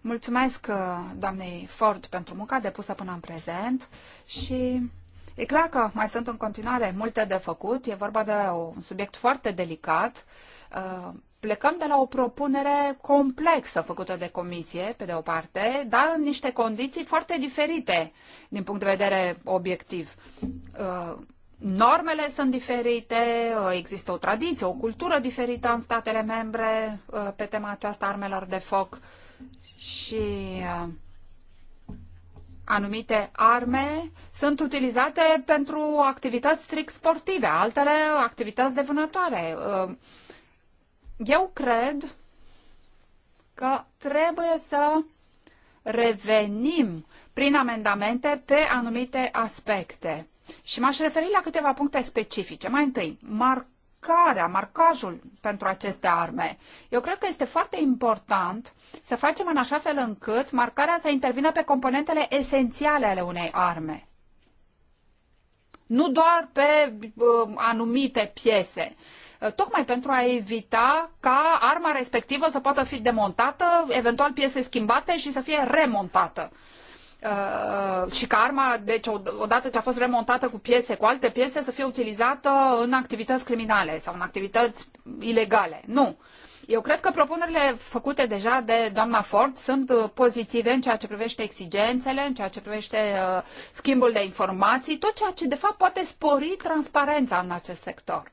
B: Mulțumesc uh, doamnei Ford pentru munca depusă până în prezent și E clar că mai sunt în continuare multe de făcut, e vorba de un subiect foarte delicat. Uh, plecăm de la o propunere complexă făcută de comisie, pe de o parte, dar în niște condiții foarte diferite din punct de vedere obiectiv. Uh, normele sunt diferite, există o tradiție, o cultură diferită în statele membre uh, pe tema aceasta armelor de foc și uh, anumite arme sunt utilizate pentru activități strict sportive, altele activități de vânătoare. Uh, eu cred că trebuie să revenim prin amendamente pe anumite aspecte și m-aș referi la câteva puncte specifice. Mai întâi, marcarea, marcajul pentru aceste arme. Eu cred că este foarte important să facem în așa fel încât marcarea să intervină pe componentele esențiale ale unei arme nu doar pe uh, anumite piese, uh, tocmai pentru a evita ca arma respectivă să poată fi demontată, eventual piese schimbate și să fie remontată. Uh, și ca arma, deci odată ce a fost remontată cu piese, cu alte piese, să fie utilizată în activități criminale sau în activități ilegale. Nu. Eu cred că propunerile făcute deja de doamna Ford sunt uh, pozitive în ceea ce privește exigențele, în ceea ce privește uh, schimbul de informații, tot ceea ce de fapt poate spori transparența în acest sector.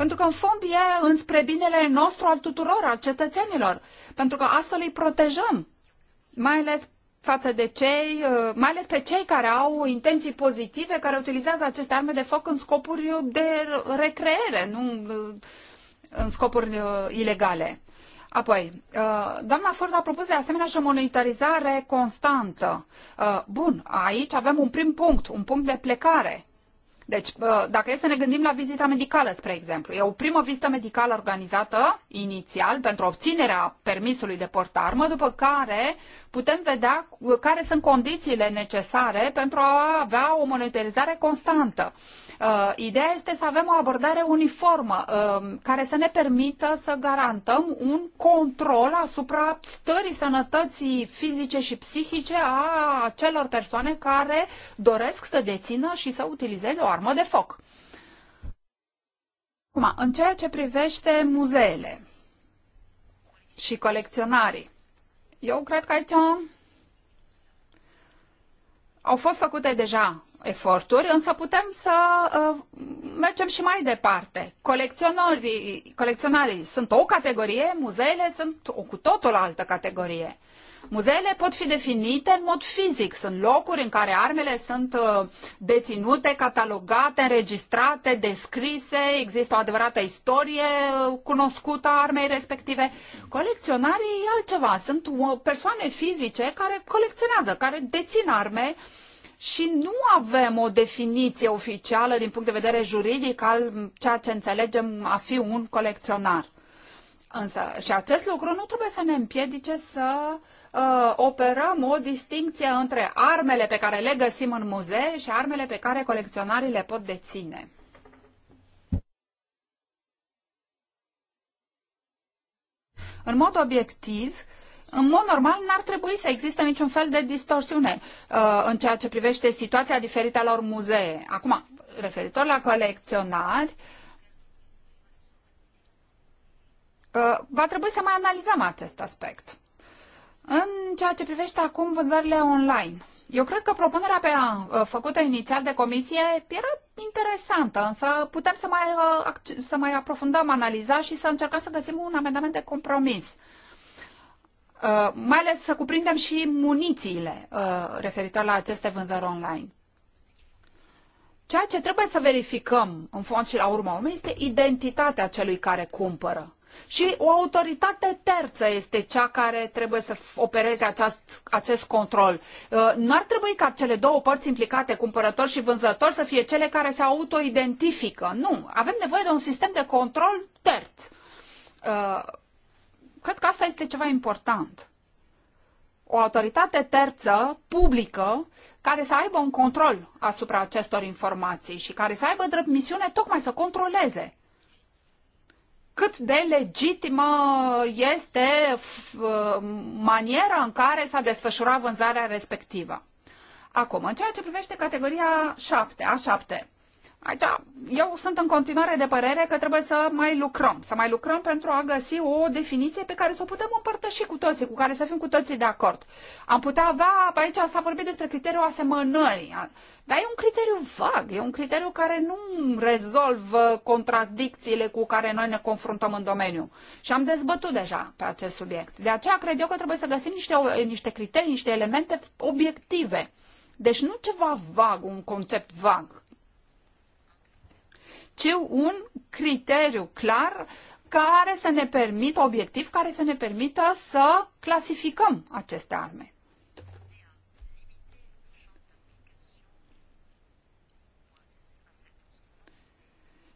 B: Pentru că, în fond, e înspre binele nostru al tuturor, al cetățenilor. Pentru că astfel îi protejăm, mai ales față de cei, uh, mai ales pe cei care au intenții pozitive, care utilizează aceste arme de foc în scopuri de recreere, nu uh, în scopuri uh, ilegale. Apoi, doamna Ford a propus de asemenea și o monitorizare constantă. Bun, aici avem un prim punct, un punct de plecare. Deci, dacă e să ne gândim la vizita medicală, spre exemplu, e o primă vizită medicală organizată inițial pentru obținerea permisului de portarmă, după care putem vedea care sunt condițiile necesare pentru a avea o monitorizare constantă. Uh, Uh, ideea este să avem o abordare uniformă uh, care să ne permită să garantăm un control asupra stării sănătății fizice și psihice a celor persoane care doresc să dețină și să utilizeze o armă de foc. Acum, în ceea ce privește muzeele și colecționarii, eu cred că aici au fost făcute deja eforturi, însă putem să uh, mergem și mai departe. Colecționarii, colecționarii sunt o categorie, muzeele sunt o cu totul altă categorie. Muzeele pot fi definite în mod fizic. Sunt locuri în care armele sunt uh, deținute, catalogate, înregistrate, descrise, există o adevărată istorie uh, cunoscută a armei respective. Colecționarii e altceva. Sunt uh, persoane fizice care colecționează, care dețin arme uh, și nu avem o definiție oficială din punct de vedere juridic al ceea ce înțelegem a fi un colecționar. Însă, și acest lucru nu trebuie să ne împiedice să uh, operăm o distinție între armele pe care le găsim în muzee și armele pe care colecționarii le pot deține. În mod obiectiv, uh, în mod normal n-ar trebui să existe niciun fel de distorsiune uh, în ceea ce privește situația diferitelor muzee. Acum, referitor la colecționari, uh, va trebui să mai analizăm acest aspect. În ceea ce privește acum vânzările online, eu cred că propunerea pe a, uh, făcută inițial de comisie era interesantă, însă putem să mai, uh, să mai aprofundăm analiza și să încercăm să găsim un amendament de compromis. Uh, mai ales să cuprindem și munițiile uh, referitoare la aceste vânzări online. Ceea ce trebuie să verificăm, în fond și la urma urmei, este identitatea celui care cumpără. Și o autoritate terță este cea care trebuie să opereze acest acest control. Uh, nu ar trebui ca cele două părți implicate, cumpărător și vânzător, să fie cele care se autoidentifică. Nu. Avem nevoie de un sistem de control terț Cred că asta este ceva important. O autoritate terță, publică, care să aibă un control asupra acestor informații și care să aibă drept misiune tocmai să controleze cât de legitimă este uh, maniera în care s-a desfășurat vânzarea respectivă. Acum, în ceea ce privește categoria 7, A7, Aici, eu sunt în continuare de părere că trebuie să mai lucrăm, să mai lucrăm pentru a găsi o definiție pe care să o putem împărtăși cu toții, cu care să fim cu toții de acord. Am putea avea, aici s-a vorbit despre criteriul asemănării, dar e un criteriu vag, e un criteriu care nu rezolvă contradicțiile cu care noi ne confruntăm în domeniu. Și am dezbătut deja pe acest subiect. De aceea cred eu că trebuie să găsim niște, niște criterii, niște elemente obiective. Deci nu ceva vag, un concept vag, ci deci un criteriu clar care să ne permită, obiectiv care să ne permită să clasificăm aceste arme.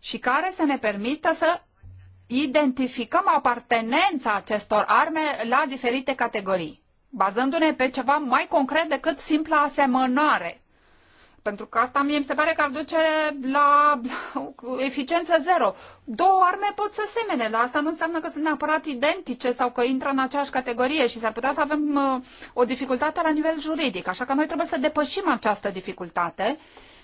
B: și care să ne permită să identificăm apartenența acestor arme la diferite categorii, bazându-ne pe ceva mai concret decât simpla asemănare pentru că asta mie mi se pare că ar duce la, eficiență zero. Două arme pot să semene, dar asta nu înseamnă că sunt neapărat identice sau că intră în aceeași categorie și s-ar putea să avem uh, o dificultate la nivel juridic. Așa că noi trebuie să depășim această dificultate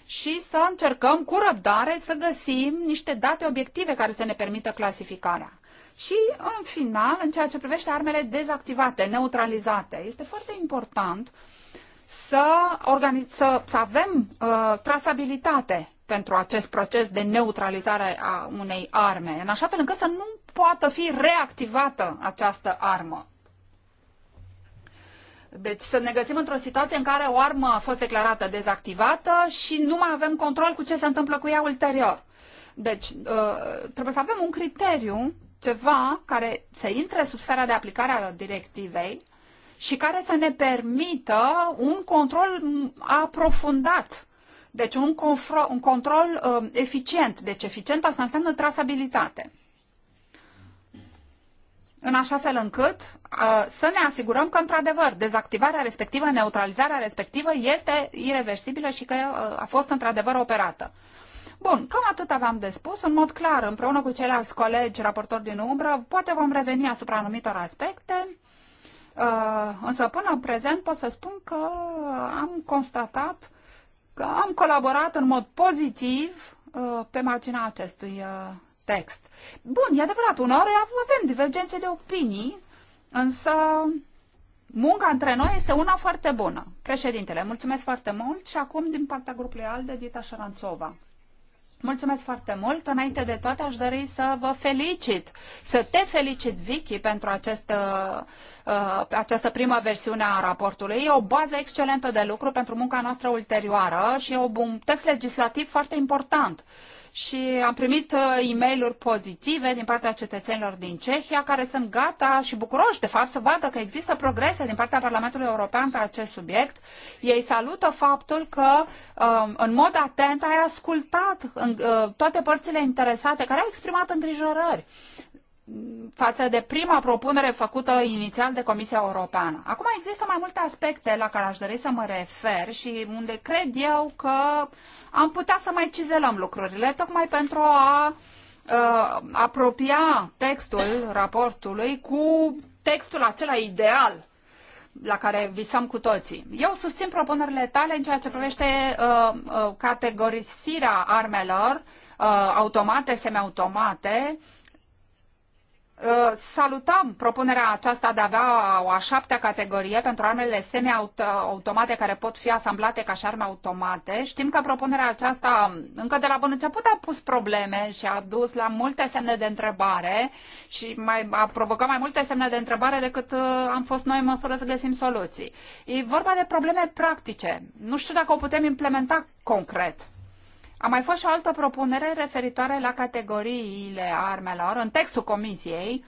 B: și să încercăm cu răbdare să găsim niște date obiective care să ne permită clasificarea. Și, în final, în ceea ce privește armele dezactivate, neutralizate, este foarte important să, să, să avem uh, trasabilitate pentru acest proces de neutralizare a unei arme, în așa fel încât să nu poată fi reactivată această armă. Deci să ne găsim într-o situație în care o armă a fost declarată dezactivată și nu mai avem control cu ce se întâmplă cu ea ulterior. Deci uh, trebuie să avem un criteriu, ceva care să intre sub sfera de aplicare a directivei și care să ne permită un control aprofundat. Deci un, confro- un control uh, eficient. Deci eficient asta înseamnă trasabilitate. În așa fel încât uh, să ne asigurăm că, într-adevăr, dezactivarea respectivă, neutralizarea respectivă este irreversibilă și că uh, a fost, într-adevăr, operată. Bun, cam atât aveam de spus. În mod clar, împreună cu ceilalți colegi raportori din umbră, poate vom reveni asupra anumitor aspecte Uh, însă până în prezent pot să spun că am constatat că am colaborat în mod pozitiv uh, pe marginea acestui uh, text. Bun, e adevărat, uneori avem divergențe de opinii, însă munca între noi este una foarte bună. Președintele, mulțumesc foarte mult și acum din partea grupului ALDE, Dita Șaranțova. Mulțumesc foarte mult. Înainte de toate, aș dori să vă felicit, să te felicit, Vicky, pentru această, uh, uh, această primă versiune a raportului. E o bază excelentă de lucru pentru munca noastră ulterioară și e un text legislativ foarte important. Uh, și am primit uh, e mail pozitive din partea cetățenilor din Cehia care sunt gata și bucuroși de fapt să vadă că există progrese din partea Parlamentului European pe acest subiect. Ei salută faptul că um, în mod atent ai ascultat uh, toate părțile interesate care au exprimat îngrijorări față de prima propunere făcută inițial de Comisia Europeană. Acum există mai multe aspecte la care aș dori să mă refer și unde cred eu că am putea să mai cizelăm lucrurile, tocmai pentru a uh, apropia textul raportului cu textul acela ideal la care visăm cu toții. Eu susțin propunerile tale în ceea ce privește uh, uh categorisirea armelor uh, automate, semiautomate, uh, Uh, salutăm propunerea aceasta de a avea o a șaptea categorie pentru armele semi-automate care pot fi asamblate ca și arme automate. Știm că propunerea aceasta um, încă de la bun început a pus probleme și a dus la multe semne de întrebare și mai, a provocat mai multe semne de întrebare decât uh, am fost noi în măsură să găsim soluții. E vorba de probleme practice. Nu știu dacă o putem implementa concret. A mai fost și o altă propunere referitoare la categoriile armelor în textul comisiei,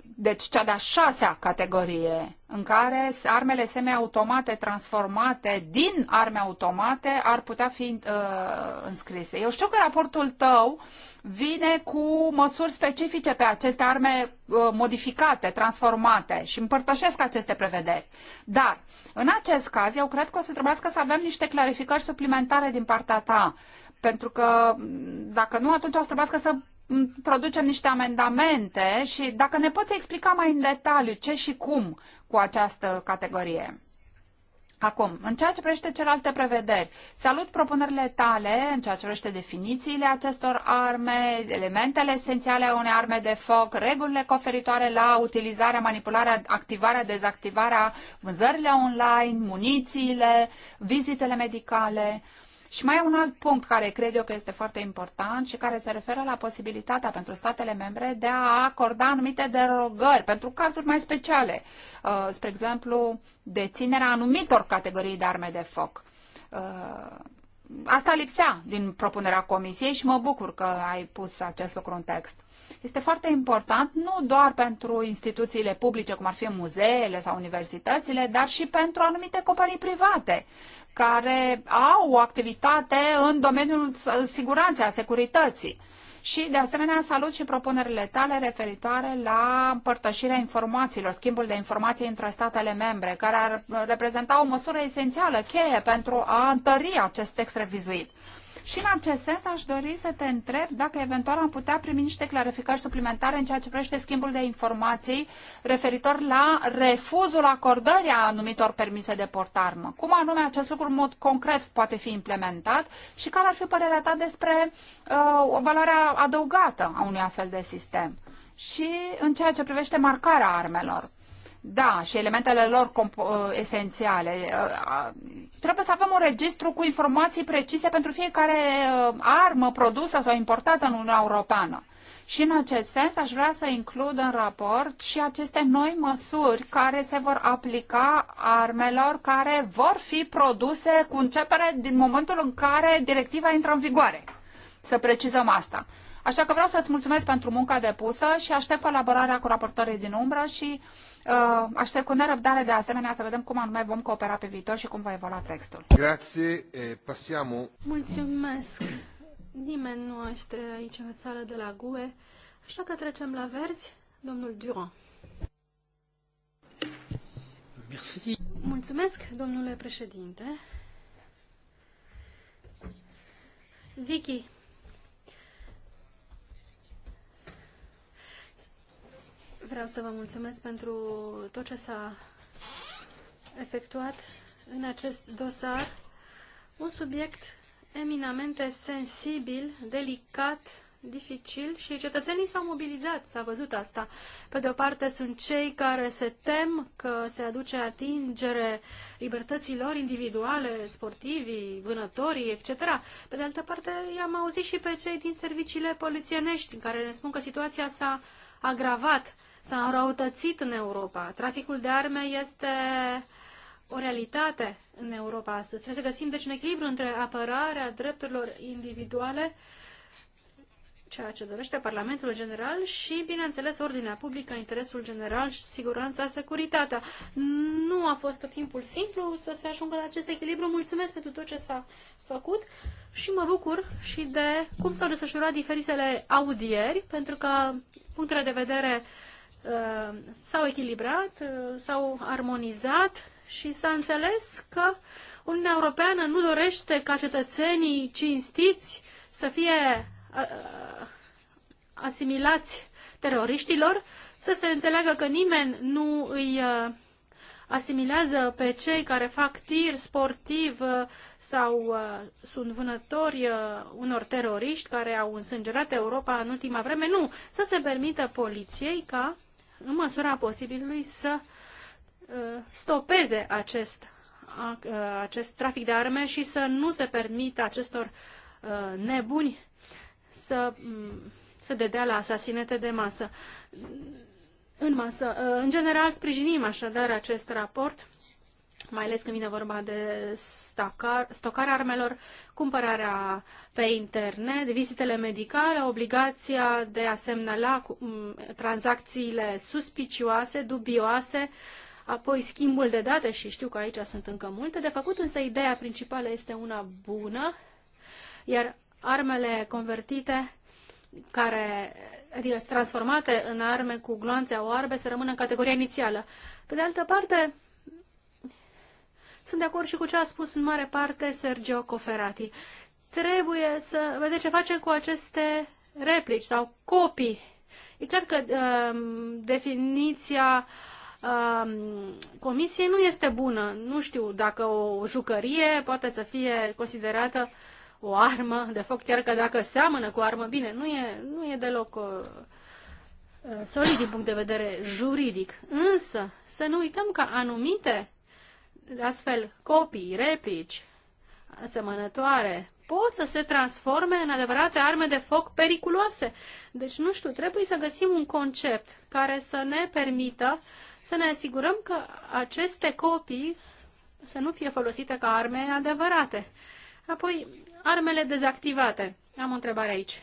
B: deci cea de-a șasea categorie, în care armele semiautomate transformate din arme automate ar putea fi uh, înscrise. Eu știu că raportul tău vine cu măsuri specifice pe aceste arme uh, modificate, transformate și împărtășesc aceste prevederi. Dar, în acest caz, eu cred că o să trebuiască să avem niște clarificări suplimentare din partea ta, pentru că, mm, dacă nu, atunci o să trebuiască să introducem niște amendamente și dacă ne poți explica mai în detaliu ce și cum cu această categorie. Acum, în ceea ce privește celelalte prevederi, salut propunerile tale în ceea ce privește definițiile acestor arme, elementele esențiale ale unei arme de foc, regulile conferitoare la utilizarea, manipularea, activarea, dezactivarea, vânzările online, munițiile, vizitele medicale. Uh, și mai e un alt punct care cred eu că este foarte important și care se referă la posibilitatea pentru statele membre de a acorda anumite derogări pentru cazuri mai speciale, uh, spre exemplu, deținerea anumitor categorii de arme de foc. Uh, asta lipsea din propunerea comisiei și mă bucur că ai pus acest lucru în text. Este foarte important nu doar pentru instituțiile publice, cum ar fi muzeele sau universitățile, dar și pentru anumite companii private care au o activitate în domeniul siguranței, a securității. Și, de asemenea, salut și propunerile tale referitoare la împărtășirea informațiilor, schimbul de informații între statele membre, care ar reprezenta o măsură esențială, cheie, pentru a întări acest text revizuit. Și în acest sens aș dori să te întreb dacă eventual am putea primi niște clarificări suplimentare în ceea ce privește schimbul de informații referitor la refuzul acordării a anumitor permise de portarmă. Cum anume acest lucru în mod concret poate fi implementat și care ar fi părerea ta despre uh, valoarea adăugată a unui astfel de sistem? Și în ceea ce privește marcarea armelor. Da, și elementele lor uh, esențiale. Uh, trebuie să avem un registru cu informații precise pentru fiecare uh, armă produsă sau importată în Uniunea Europeană. Și în acest sens aș vrea să includ în raport și aceste noi măsuri care se vor aplica armelor care vor fi produse cu începere din momentul în care directiva intră în vigoare. Să precizăm asta. Așa că vreau să-ți mulțumesc pentru munca depusă și aștept colaborarea cu raportorii din umbră și uh, aștept cu nerăbdare de asemenea să vedem cum anume vom coopera pe viitor și cum va evolua textul.
A: Grație, passiamo.
D: Mulțumesc. Nimeni nu este aici în sală de la GUE, așa că trecem la verzi. Domnul Durand. Merci. Mulțumesc, domnule președinte. Vicky, Vreau să vă mulțumesc pentru tot ce s-a efectuat în acest dosar. Un subiect eminamente sensibil, delicat, dificil și cetățenii s-au mobilizat, s-a văzut asta. Pe de o parte sunt cei care se tem că se aduce atingere libertăților individuale, sportivii, vânătorii, etc. Pe de altă parte i-am auzit și pe cei din serviciile polițienești care ne spun că situația s-a agravat s-a înrăutățit în Europa. Traficul de arme este o realitate în Europa astăzi. Trebuie să găsim deci un echilibru între apărarea drepturilor individuale, ceea ce dorește Parlamentul General și, bineînțeles, ordinea publică, interesul general și siguranța, securitatea. Nu a fost tot timpul simplu să se ajungă la acest echilibru. Mulțumesc pentru tot ce s-a făcut și mă bucur și de cum s-au desfășurat diferitele audieri, pentru că punctele de vedere uh, Uh, s-au echilibrat, uh, s-au armonizat și s-a înțeles că Uniunea Europeană nu dorește ca cetățenii cinstiți să fie uh, asimilați teroriștilor, să se înțeleagă că nimeni nu îi asimilează pe cei care fac tir sportiv sau sunt vânători unor teroriști care au însângerat Europa în ultima vreme. Nu, să se permită poliției ca în măsura posibilului, să uh, stopeze acest, uh, acest trafic de arme și să nu se permită acestor uh, nebuni să, mm, să dedea la asasinete de masă. În masă. În general, sprijinim așadar acest raport mai ales când vine vorba de stacar, stocarea armelor, cumpărarea pe internet, vizitele medicale, obligația de a semnala mm, tranzacțiile suspicioase, dubioase, apoi schimbul de date și știu că aici sunt încă multe de făcut, însă ideea principală este una bună, iar armele convertite care adică transformate în arme cu gloanțe orbe să rămână în categoria inițială. Pe de altă parte, sunt de acord și cu ce a spus în mare parte Sergio Coferati. Trebuie să vedem ce face cu aceste replici sau copii. E clar că uh, definiția uh, comisiei nu este bună. Nu știu dacă o jucărie poate să fie considerată o armă de foc, chiar că dacă seamănă cu o armă, bine, nu e, nu e deloc uh, solid din punct de vedere juridic. Însă, să nu uităm că anumite astfel copii, replici asemănătoare pot să se transforme în adevărate arme de foc periculoase. Deci, nu știu, trebuie să găsim un concept care să ne permită să ne asigurăm că aceste copii să nu fie folosite ca arme adevărate. Apoi, armele dezactivate. Am o întrebare aici.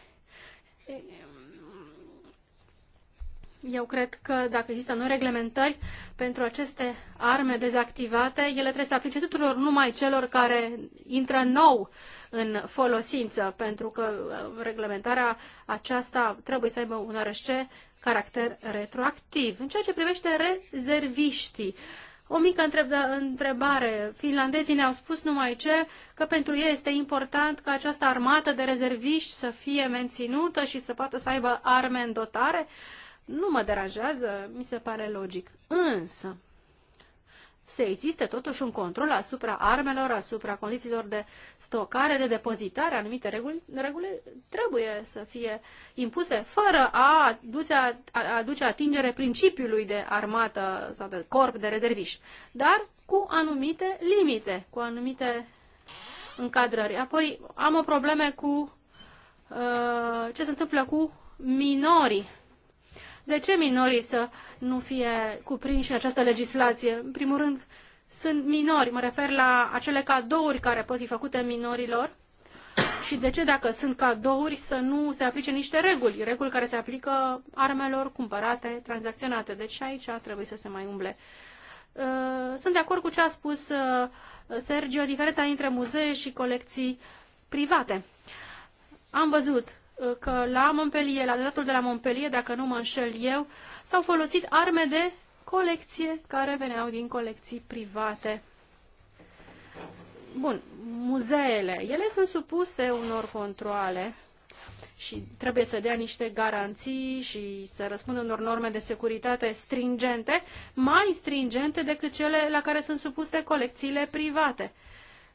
D: Eu cred că dacă există noi reglementări pentru aceste arme dezactivate, ele trebuie să aplice tuturor, numai celor care intră nou în folosință, pentru că uh, reglementarea aceasta trebuie să aibă un arășe caracter retroactiv. În ceea ce privește rezerviștii, o mică întrebare. Finlandezii ne-au spus numai ce, că pentru ei este important ca această armată de rezerviști să fie menținută și să poată să aibă arme în dotare. Uh, nu mă deranjează, mi se pare logic. Însă, să existe totuși un control asupra armelor, asupra condițiilor de stocare, de depozitare, anumite reguli, reguli trebuie să fie impuse fără a aduce, a aduce atingere principiului de armată sau de corp de rezerviști, dar cu anumite limite, cu anumite încadrări. Apoi am o problemă cu uh, ce se întâmplă cu minorii de ce minorii să nu fie cuprinși în această legislație? În primul rând, sunt minori, mă refer la acele cadouri care pot fi făcute minorilor. Și de ce, dacă sunt cadouri, să nu se aplice niște reguli, reguli care se aplică armelor cumpărate, tranzacționate. Deci aici trebuie să se mai umble. Uh, sunt de acord cu ce a spus uh, Sergio, diferența între muzee și colecții private. Am văzut Uh, că la Montpellier, la datul de la Montpellier, dacă nu mă înșel eu, s-au folosit arme de colecție care veneau din colecții private. Bun, muzeele, ele sunt supuse unor controle și trebuie să dea niște garanții și să răspundă unor norme de securitate stringente, mai stringente decât cele la care sunt supuse colecțiile private.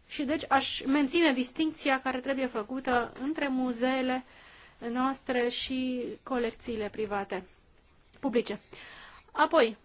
D: Și deci aș menține distinția care trebuie făcută între muzeele noastre și colecțiile private, publice. Apoi,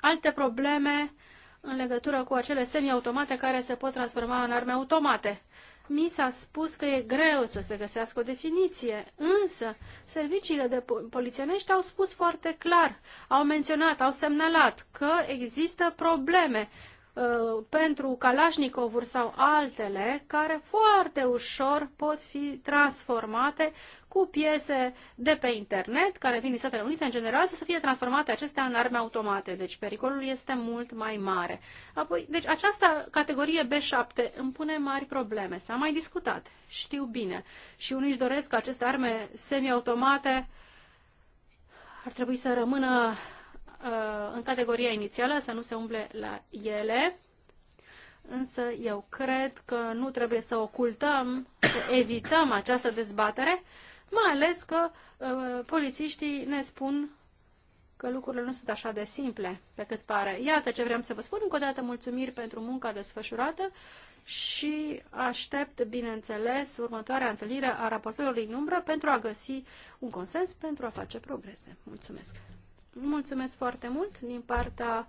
D: alte probleme în legătură cu acele semiautomate care se pot transforma în arme automate. Mi s-a spus că e greu să se găsească o definiție, însă serviciile de polițienești au spus foarte clar, au menționat, au semnalat că există probleme Uh, pentru Kalashnikovuri sau altele, care foarte ușor pot fi transformate cu piese de pe internet, care vin din Statele Unite în general, să fie transformate acestea în arme automate. Deci pericolul este mult mai mare. Apoi, deci această categorie B7 îmi pune mari probleme. S-a mai discutat, știu bine. Și unii își doresc aceste arme semiautomate ar trebui să rămână Uh, în categoria inițială, să nu se umble la ele, însă eu cred că nu trebuie să ocultăm, să evităm această dezbatere, mai ales că uh, polițiștii ne spun că lucrurile nu sunt așa de simple pe cât pare. Iată ce vreau să vă spun. Încă o dată mulțumiri pentru munca desfășurată și aștept, bineînțeles, următoarea întâlnire a raportorului din umbră pentru a găsi un consens, pentru a face progrese. Mulțumesc! Mulțumesc foarte mult. Din partea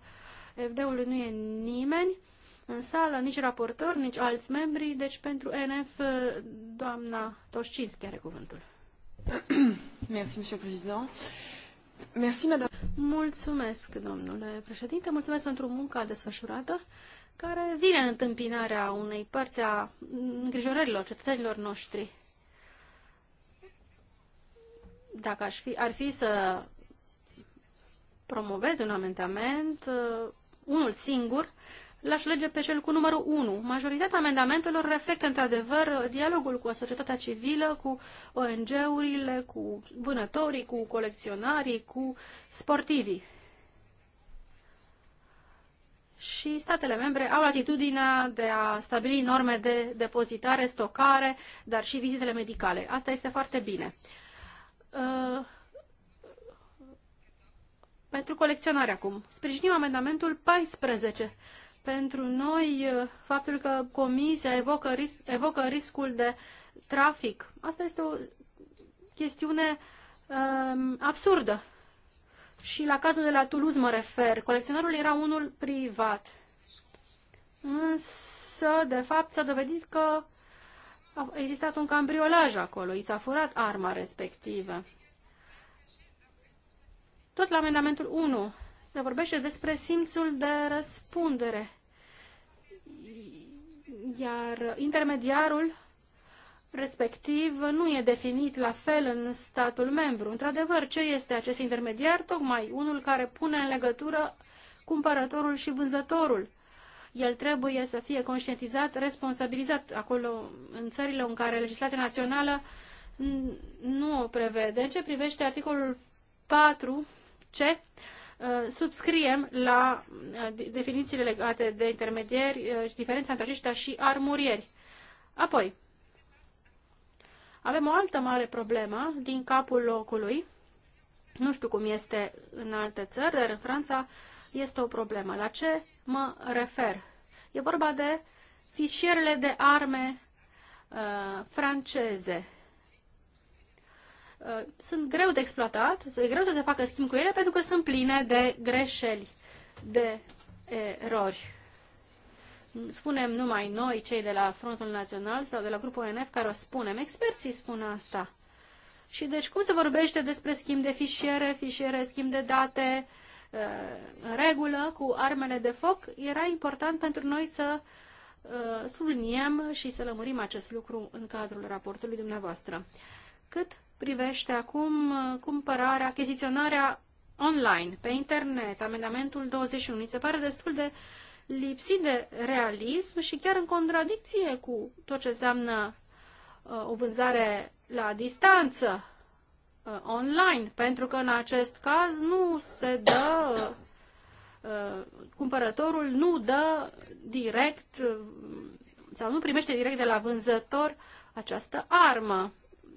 D: FD-ului nu e nimeni în sală, nici raportor, nici alți membri. Deci pentru NF, doamna Toșcinski are cuvântul.
A: monsieur président.
D: madame. Mulțumesc, domnule președinte. Mulțumesc pentru munca desfășurată care vine în întâmpinarea unei părți a îngrijorărilor cetățenilor noștri. Dacă aș fi, ar fi să promovezi un amendament, uh, unul singur, l-aș lege pe cel cu numărul 1. Majoritatea amendamentelor reflectă într-adevăr dialogul cu societatea civilă, cu ONG-urile, cu vânătorii, cu colecționarii, cu sportivii. Și statele membre au latitudinea de a stabili norme de depozitare, stocare, dar și vizitele medicale. Asta este foarte bine. Uh pentru colecționare acum. Sprijinim amendamentul 14. Pentru noi, uh, faptul că comisia evocă, ris- evocă riscul de trafic, asta este o chestiune um, absurdă. Și la cazul de la Toulouse mă refer. Colecționarul era unul privat. Însă, de fapt, s-a dovedit că a existat un cambriolaj acolo. I s-a furat arma respectivă. Tot la amendamentul 1 se vorbește despre simțul de răspundere, iar intermediarul respectiv nu e definit la fel în statul membru. Într-adevăr, ce este acest intermediar? Tocmai unul care pune în legătură cumpărătorul și vânzătorul. El trebuie să fie conștientizat, responsabilizat acolo în țările în care legislația națională nu o prevede. În ce privește articolul 4 C, uh, subscriem la uh, definițiile legate de intermediari uh, și diferența între aceștia și armurieri. Apoi, avem o altă mare problemă din capul locului. Nu știu cum este în alte țări, dar în Franța este o problemă. La ce mă refer? E vorba de fișierele de arme uh, franceze. Uh, sunt greu de exploatat, e greu să se facă schimb cu ele pentru că sunt pline de greșeli, de erori. Spunem numai noi, cei de la Frontul Național sau de la grupul ONF, care o spunem. Experții spun asta. Și deci cum se vorbește despre schimb de fișiere, fișiere, schimb de date, uh, în regulă cu armele de foc, era important pentru noi să uh, subliniem și să lămurim acest lucru în cadrul raportului dumneavoastră. Cât privește acum uh, cumpărarea, achiziționarea online, pe internet, amendamentul 21. Se pare destul de lipsit de realism și chiar în contradicție cu tot ce înseamnă uh, o vânzare la distanță uh, online, pentru că în acest caz nu se dă, uh, uh cumpărătorul nu dă direct uh, sau nu primește direct de la vânzător această armă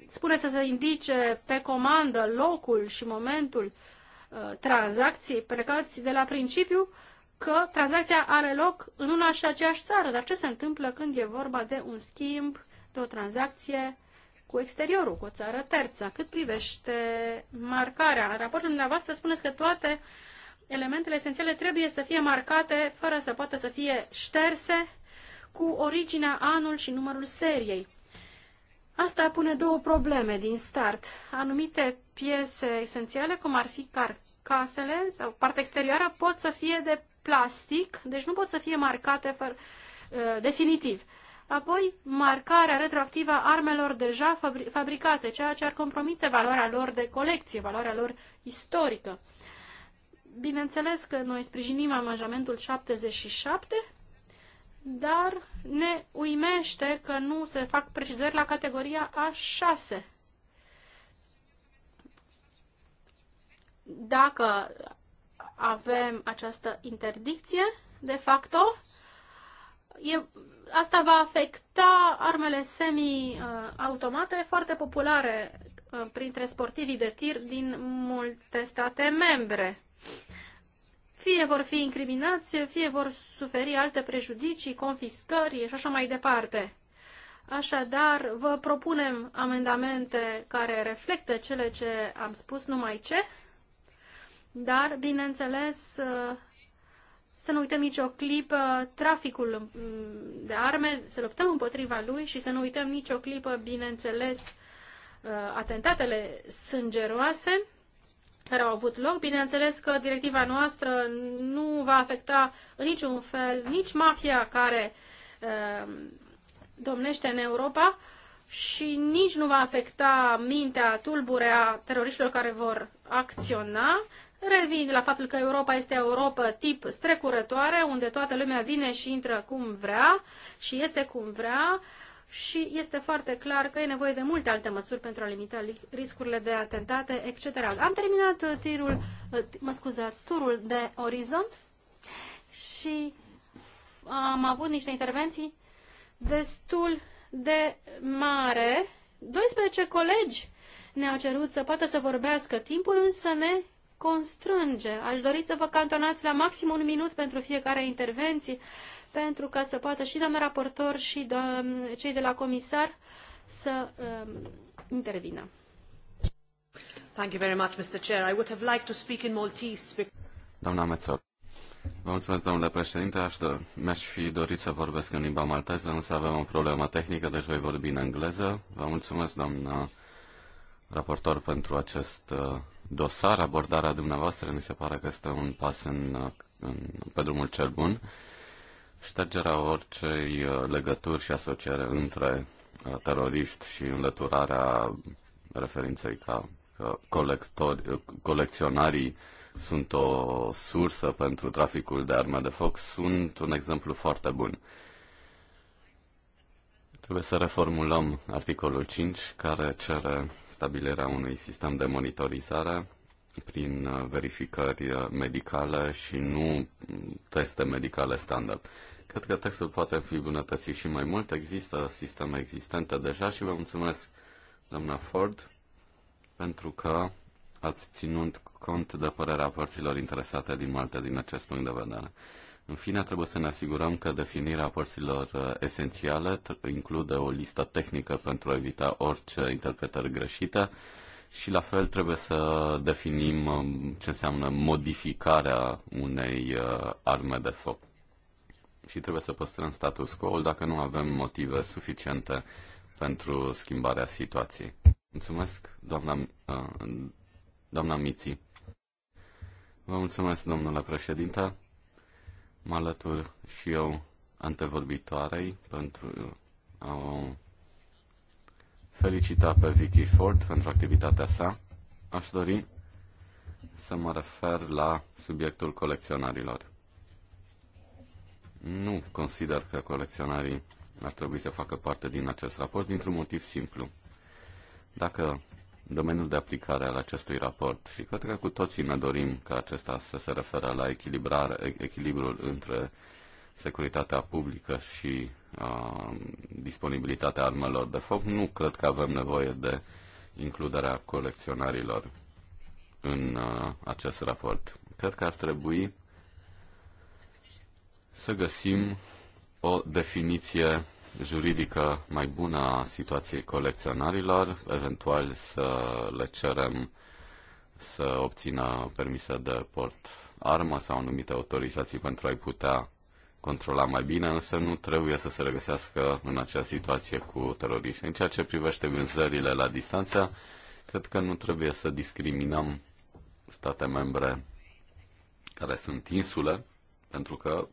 D: spune să se indice pe comandă locul și momentul uh, tranzacției, plecați de la principiu că tranzacția are loc în una și aceeași țară. Dar ce se întâmplă când e vorba de un schimb, de o tranzacție cu exteriorul, cu o țară terță? Cât privește marcarea? În raportul dumneavoastră spuneți că toate elementele esențiale trebuie să fie marcate fără să poată să fie șterse cu originea, anul și numărul seriei. Asta pune două probleme din start. Anumite piese esențiale, cum ar fi carcasele sau partea exterioară, pot să fie de plastic, deci nu pot să fie marcate fără, ă, definitiv. Apoi, marcarea retroactivă a armelor deja fabricate, ceea ce ar compromite valoarea lor de colecție, valoarea lor istorică. Bineînțeles că noi sprijinim amajamentul 77 dar ne uimește că nu se fac precizări la categoria A6. Dacă avem această interdicție, de facto, e, asta va afecta armele semi-automate foarte populare uh, printre sportivii de tir din multe state membre fie vor fi incriminați, fie vor suferi alte prejudicii, confiscări și așa mai departe. Așadar, vă propunem amendamente care reflectă cele ce am spus, numai ce, dar, bineînțeles, să nu uităm nicio clipă traficul mm, de arme, să luptăm împotriva lui și să nu uităm nicio clipă, bineînțeles, uh, atentatele sângeroase care au avut loc. Bineînțeles că directiva noastră nu va afecta în niciun fel nici mafia care ehm, domnește în Europa și nici nu va afecta mintea tulburea teroriștilor care vor acționa. Revin la faptul că Europa este Europa tip strecurătoare, unde toată lumea vine și intră cum vrea și iese cum vrea. Uh, și este foarte clar că e nevoie de multe alte măsuri pentru a limita riscurile de atentate, etc. Am terminat uh, tirul, uh, mă scuzați, turul de orizont și am avut niște intervenții destul de mare. 12 colegi ne-au cerut să poată să vorbească, timpul însă ne constrânge. Aș dori să vă cantonați la maxim un minut pentru fiecare intervenție pentru ca să poată și doamna raportor și doamna, cei de la comisar să
A: um, intervină. Thank you very much, Mr. Chair. I would have liked to speak in Maltese.
C: Doamna Metzor. Vă mulțumesc, domnule președinte. Aș do- mi-aș fi dorit să vorbesc în limba malteză, însă avem o problemă tehnică, deci voi vorbi în engleză. Vă mulțumesc, doamna raportor, pentru acest uh, dosar. Abordarea dumneavoastră mi se pare că este un pas în, uh, în, pe drumul cel bun ștergerea oricei uh, legături și asociere între uh, teroriști și înlăturarea referinței ca că uh, colecționarii sunt o sursă pentru traficul de arme de foc sunt un exemplu foarte bun. Trebuie să reformulăm articolul 5 care cere stabilirea unui sistem de monitorizare prin verificări medicale și nu teste medicale standard. Cred că textul poate fi bunătățit și mai mult. Există sisteme existente deja și vă mulțumesc, doamna Ford, pentru că ați ținut cont de părerea părților interesate din Malta din acest punct de vedere. În fine, trebuie să ne asigurăm că definirea părților uh, esențiale include o listă tehnică pentru a evita orice interpretări greșite și la fel trebuie să definim um, ce înseamnă modificarea unei uh, arme de foc și trebuie să păstrăm status quo dacă nu avem motive suficiente pentru schimbarea situației. Mulțumesc, doamna, uh, doamna Miții. Vă mulțumesc, domnule președinte. Mă alătur și eu antevorbitoarei pentru a o felicita pe Vicky Ford pentru activitatea sa. Aș dori să mă refer la subiectul colecționarilor nu consider că colecționarii ar trebui să facă parte din acest raport dintr-un motiv simplu. Dacă domeniul de aplicare al acestui raport și cred că cu toții ne dorim ca acesta să se referă la echilibrare, echilibrul între securitatea publică și uh, disponibilitatea armelor de foc, nu cred că avem nevoie de includerea colecționarilor în uh, acest raport. Cred că ar trebui să găsim o definiție juridică mai bună a situației colecționarilor, eventual să le cerem să obțină permise de port armă sau anumite autorizații pentru a-i putea controla mai bine, însă nu trebuie să se regăsească în acea situație cu teroriști. În ceea ce privește vânzările la distanță, cred că nu trebuie să discriminăm state membre care sunt insule, pentru că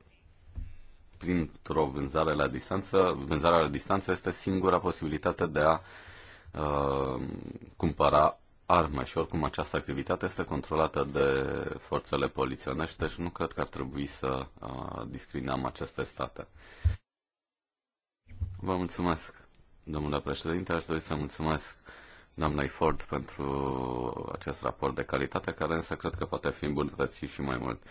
C: printr-o vânzare la distanță, vânzarea la distanță este singura posibilitate de a uh, cumpăra arme și oricum această activitate este controlată de forțele poliționești, deci nu cred că ar trebui să uh, discriminăm aceste state. Vă mulțumesc, domnule președinte, aș dori să mulțumesc doamnei Ford pentru acest raport de calitate, care însă cred că poate fi îmbunătățit și mai mult.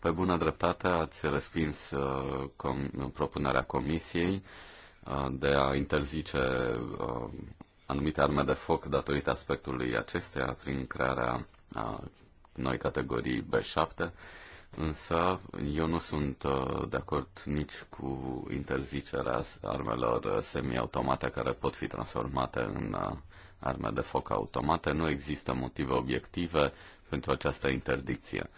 C: Pe bună dreptate ați respins uh, com- propunerea Comisiei uh, de a interzice uh, anumite arme de foc datorită aspectului acesteia prin crearea a noi categorii B7, însă eu nu sunt de acord nici cu interzicerea armelor semiautomate care pot fi transformate în arme de foc automate. Nu există motive obiective pentru această interdicție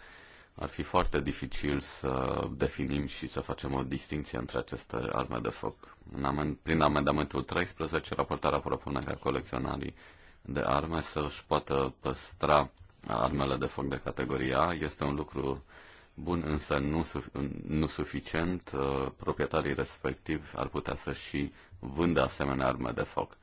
C: ar fi foarte dificil să definim și să facem o distinție între aceste arme de foc. În prin amendamentul 13, raportarea propune ca colecționarii de arme să își poată păstra armele de foc de categoria Este un lucru bun, însă nu, nu suficient. Uh, proprietarii respectivi ar putea să și vândă asemenea arme de foc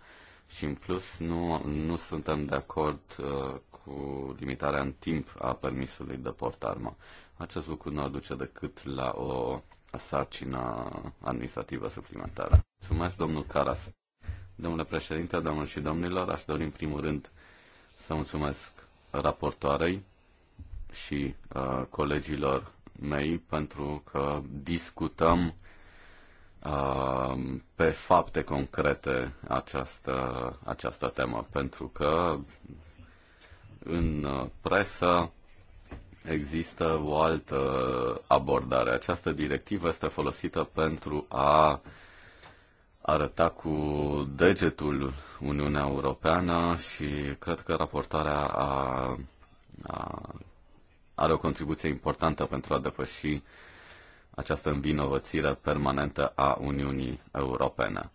C: și în plus nu, nu suntem de acord uh, cu limitarea în timp a permisului de port armă. Acest lucru nu aduce decât la o sarcină administrativă suplimentară. Mulțumesc, domnul Caras. Domnule președinte, domnul și domnilor, aș dori în primul rând să mulțumesc raportoarei și uh, colegilor mei pentru că discutăm Um, pe fapte concrete această, această temă, pentru că în presă există o altă abordare. Această directivă este folosită pentru a arăta cu degetul Uniunea Europeană și cred că raportarea a, a, are o contribuție importantă pentru a depăși uh, această învinovățire permanentă a Uniunii Europene.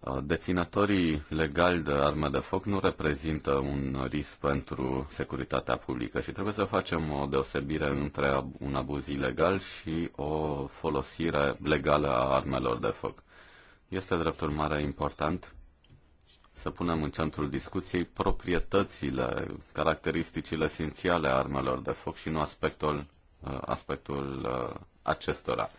C: Uh, deținătorii legali de arme de foc nu reprezintă un risc pentru securitatea publică și trebuie să facem o deosebire între un abuz ilegal și o folosire legală a armelor de foc. Este drept urmare important să punem în centrul discuției proprietățile, caracteristicile esențiale a armelor de foc și nu aspectul, uh, aspectul uh, acestora.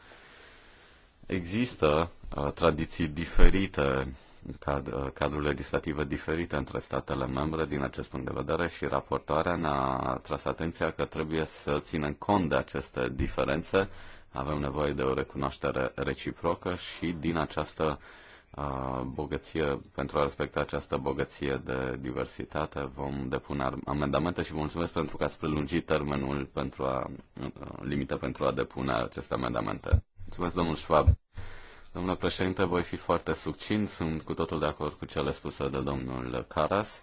C: Există uh, tradiții diferite, cad, uh, cadrul legislativ diferite între statele membre din acest punct de vedere și raportoarea ne-a tras atenția că trebuie să ținem cont de aceste diferențe. Avem nevoie de o recunoaștere reciprocă și din această uh, bogăție, pentru a respecta această bogăție de diversitate, vom depune amendamente și mulțumesc pentru că ați prelungit termenul pentru a, uh, limită pentru a depune aceste amendamente. Mulțumesc, domnul Schwab. Domnule președinte, voi fi foarte succint, sunt cu totul de acord cu cele spuse de domnul Caras.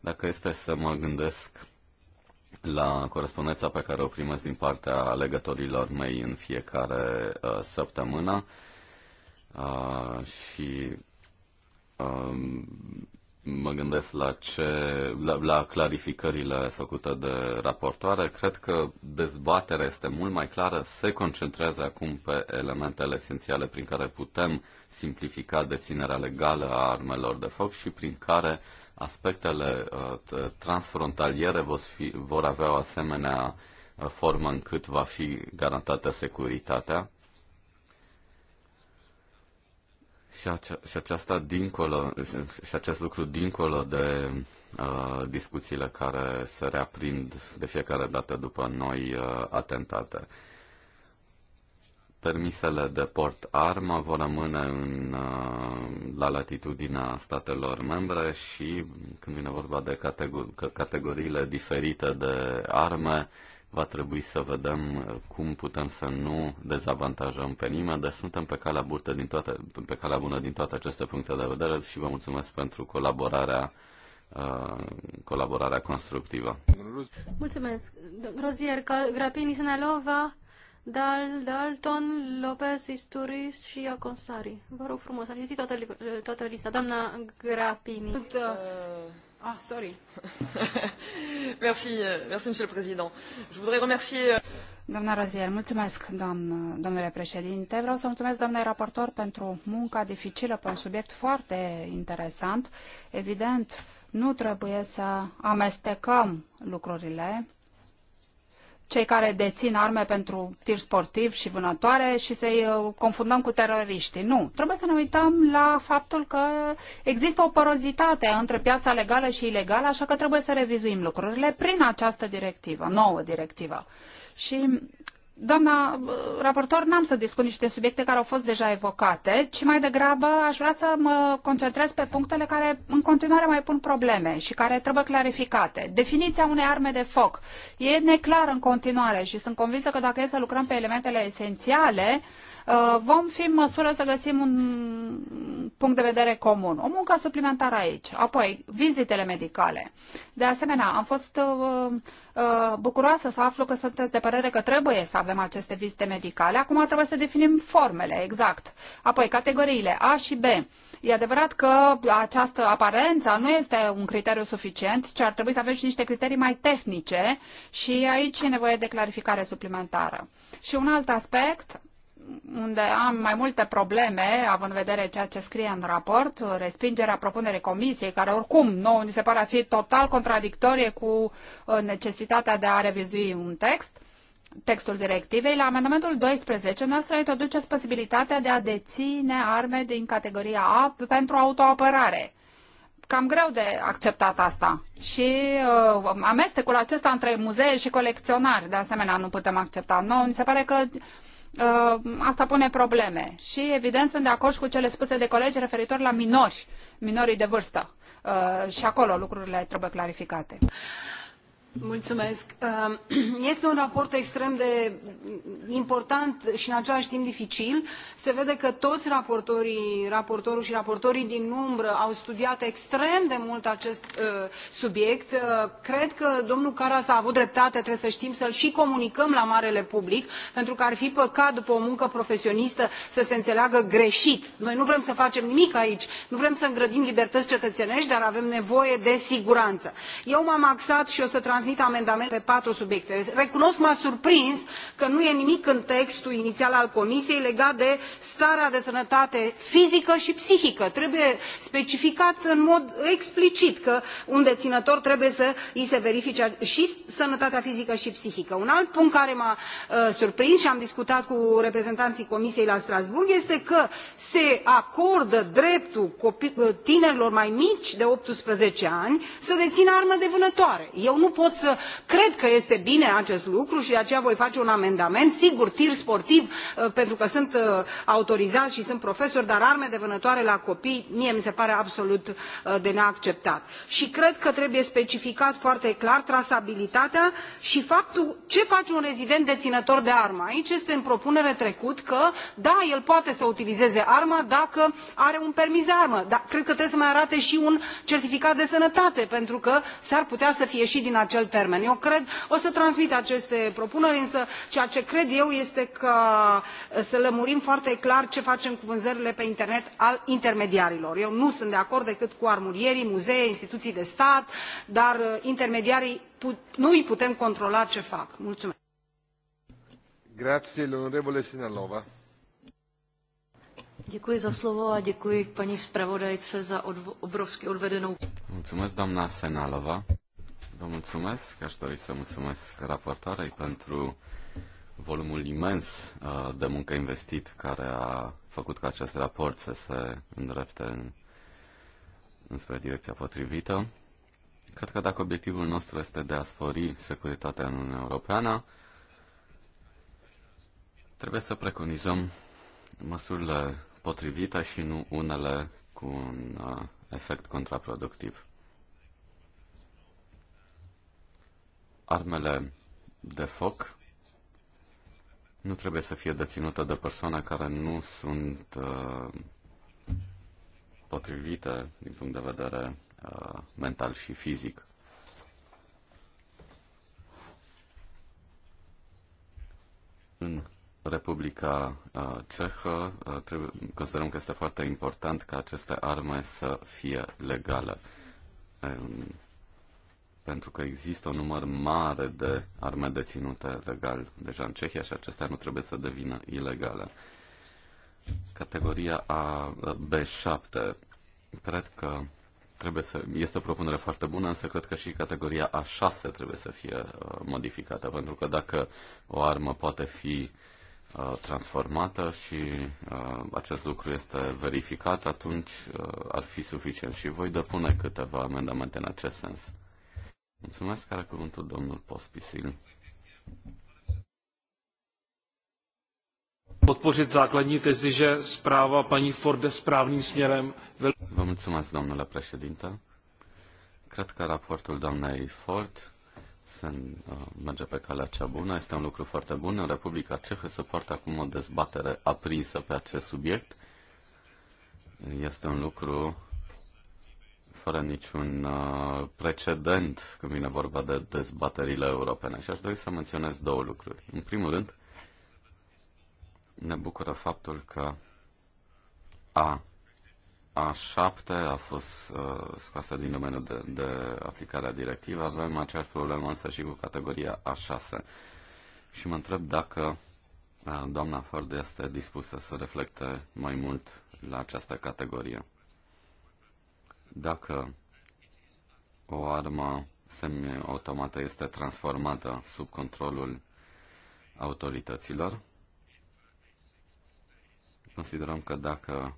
C: Dacă este să mă gândesc la corespondența pe care o primesc din partea alegătorilor mei în fiecare uh, săptămână, uh, și um, mă gândesc la, ce, la, la clarificările făcute de raportoare. Cred că dezbaterea este mult mai clară, se concentrează acum pe elementele esențiale prin care putem simplifica deținerea legală a armelor de foc și prin care aspectele uh, transfrontaliere vor, fi, vor avea o asemenea uh, formă încât va fi garantată securitatea Și, ace- și aceasta dincolo, și acest lucru dincolo de uh, discuțiile care se reaprind de fiecare dată după noi uh, atentate. Permisele de port armă vor rămâne în, uh, la latitudinea statelor membre și când vine vorba de categor- categoriile diferite de arme, va trebui să vedem uh, cum putem să nu dezavantajăm pe nimeni, dar suntem pe calea, burtă din toate, pe calea bună din toate aceste puncte de vedere și vă mulțumesc pentru colaborarea uh, colaborarea constructivă.
D: Mulțumesc. Rozier, Grapini, Senalova, Dal, Dalton, Lopez, Isturis și Aconsari. Vă rog frumos, am citit toată, toată lista. Doamna Grapini. Uh...
A: Ah, sorry. merci, euh, merci, Monsieur le Président. Je voudrais remercier... Euh,
B: Doamna Rozier, mulțumesc, doamnă, domnule președinte. Vreau să mulțumesc doamnei raportor pentru munca dificilă pe un subiect foarte interesant. Evident, nu trebuie să amestecăm lucrurile cei care dețin arme pentru tir sportiv și vânătoare și să-i uh, confundăm cu teroriștii. Nu. Trebuie să ne uităm la faptul că există o porozitate între piața legală și ilegală, așa că trebuie să revizuim lucrurile prin această directivă, nouă directivă. Și Doamna uh, raportor, n-am să discut niște subiecte care au fost deja evocate, ci mai degrabă aș vrea să mă concentrez pe punctele care în continuare mai pun probleme și care trebuie clarificate. Definiția unei arme de foc e neclară în continuare și sunt convinsă că dacă e să lucrăm pe elementele esențiale, Uh, vom fi în măsură să găsim un punct de vedere comun. O muncă suplimentară aici, apoi vizitele medicale. De asemenea, am fost uh, uh, bucuroasă să aflu că sunteți de părere că trebuie să avem aceste vizite medicale. Acum trebuie să definim formele, exact. Apoi, categoriile A și B. E adevărat că această aparență nu este un criteriu suficient, ci ar trebui să avem și niște criterii mai tehnice și aici e nevoie de clarificare suplimentară. Și un alt aspect, unde am mai multe probleme, având în vedere ceea ce scrie în raport, respingerea propunerii comisiei, care oricum nouă ni se pare a fi total contradictorie cu uh, necesitatea de a revizui un text, textul directivei, la amendamentul 12 noastră introduceți posibilitatea de a deține arme din categoria A pentru autoapărare cam greu de acceptat asta. Și uh, amestecul acesta între muzee și colecționari, de asemenea, nu putem accepta. Nu, mi se pare că Uh, asta pune probleme. Și, evident, sunt de acord și cu cele spuse de colegi referitor la minori, minorii de vârstă. Uh, și acolo lucrurile trebuie clarificate.
A: Mulțumesc. Este un raport extrem de important și în același timp dificil. Se vede că toți raportorii, raportorul și raportorii din umbră au studiat extrem de mult acest uh, subiect. Uh, cred că domnul Caras a avut dreptate, trebuie să știm să-l și comunicăm la marele public, pentru că ar fi păcat după o muncă profesionistă să se înțeleagă greșit. Noi nu vrem să facem nimic aici, nu vrem să îngrădim libertăți cetățenești, dar avem nevoie de siguranță. Eu m-am axat și o să trans- transmit amendamente pe patru subiecte. Recunosc, m-a surprins că nu e nimic în textul inițial al Comisiei legat de starea de sănătate fizică și psihică. Trebuie specificat în mod explicit că un deținător trebuie să îi se verifice și sănătatea fizică și psihică. Un alt punct care m-a uh, surprins și am discutat cu reprezentanții Comisiei la Strasbourg este că se acordă dreptul uh, tinerilor mai mici de 18 ani să dețină armă de vânătoare. Eu nu pot pot să cred că este bine acest lucru și de aceea voi face un amendament sigur tir sportiv uh, pentru că sunt uh, autorizați și sunt profesori dar arme de vânătoare la copii mie mi se pare absolut uh, de neacceptat și cred că trebuie specificat foarte clar trasabilitatea și faptul ce face un rezident deținător de armă. aici este în propunere trecut că da el poate să utilizeze arma dacă are un permis de armă dar cred că trebuie să mai arate și un certificat de sănătate pentru că s ar putea să fie și din acel acel termen. eu cred o să transmit aceste propuneri însă ceea ce cred eu este că uh, să lămurim foarte clar ce facem cu vânzările pe internet al intermediarilor. eu nu sunt de acord decât cu armurierii muzee instituții de stat dar uh, intermediarii nu îi putem controla ce fac. mulțumesc. Grazie, Děkuji za slovo a děkuji paní zpravodajce za obrovsky odvedenou.
C: Mulțumesc, doamna Senalova. Vă mulțumesc. Aș dori să mulțumesc raportoarei pentru volumul imens uh, de muncă investit care a făcut ca acest raport să se îndrepte în, înspre direcția potrivită. Cred că dacă obiectivul nostru este de a spori securitatea în Uniunea Europeană, trebuie să preconizăm măsurile potrivite și nu unele cu un uh, efect contraproductiv. armele de foc nu trebuie să fie deținută de persoane care nu sunt uh, potrivite din punct de vedere uh, mental și fizic. În Republica uh, Cehă uh, trebuie, considerăm că este foarte important ca aceste arme să fie legale. Um, pentru că există un număr mare de arme deținute legal deja în Cehia și acestea nu trebuie să devină ilegale. Categoria A, B7, cred că trebuie să, este o propunere foarte bună, însă cred că și categoria A6 trebuie să fie uh, modificată, pentru că dacă o armă poate fi uh, transformată și uh, acest lucru este verificat, atunci ar fi suficient. Și voi depune câteva amendamente în acest sens. Mulțumesc, care cuvântul domnul Pospisil. podpořit základní tezi, že
A: zpráva paní Ford jde správným směrem.
C: Vă mulțumesc, domnule președinte. Cred că raportul doamnei Ford se uh, merge pe calea cea bună. Este un lucru foarte bun. În Republica Cehă se poartă acum o dezbatere aprinsă pe acest subiect. Este un lucru fără niciun uh, precedent când vine vorba de dezbaterile europene și aș dori să menționez două lucruri. În primul rând, ne bucură faptul că A, A7 a fost uh, scoasă din domeniul de, de aplicare a directivei, avem aceeași problemă însă și cu categoria A6. Și mă întreb dacă uh, doamna Ford este dispusă să reflecte mai mult la această categorie. Dacă o armă semi-automată este transformată sub controlul autorităților, considerăm că dacă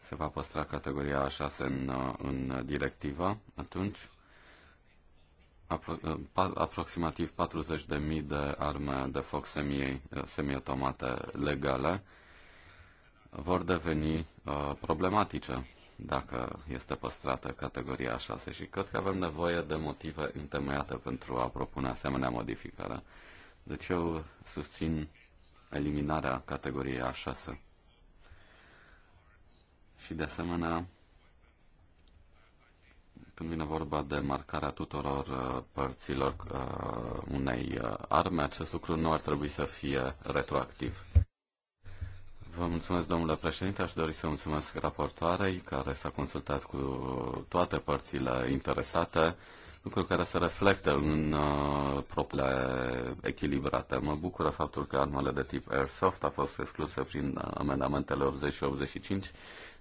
C: se va păstra categoria 6 în, în directivă, atunci apro- aproximativ 40.000 de arme de foc semi, semi-automate legale vor deveni uh, problematice dacă este păstrată categoria 6 și cred că avem nevoie de motive întemeiate pentru a propune asemenea modificare. Deci eu susțin eliminarea categoriei A6. Și de asemenea, când vine vorba de marcarea tuturor uh, părților uh, unei uh, arme, acest lucru nu ar trebui să fie retroactiv. Vă mulțumesc, domnule președinte. Aș dori să mulțumesc raportoarei care s-a consultat cu toate părțile interesate, lucru care se reflectă în uh, propriile echilibrate. Mă bucură faptul că armele de tip Airsoft a fost excluse prin uh, amendamentele 80 și 85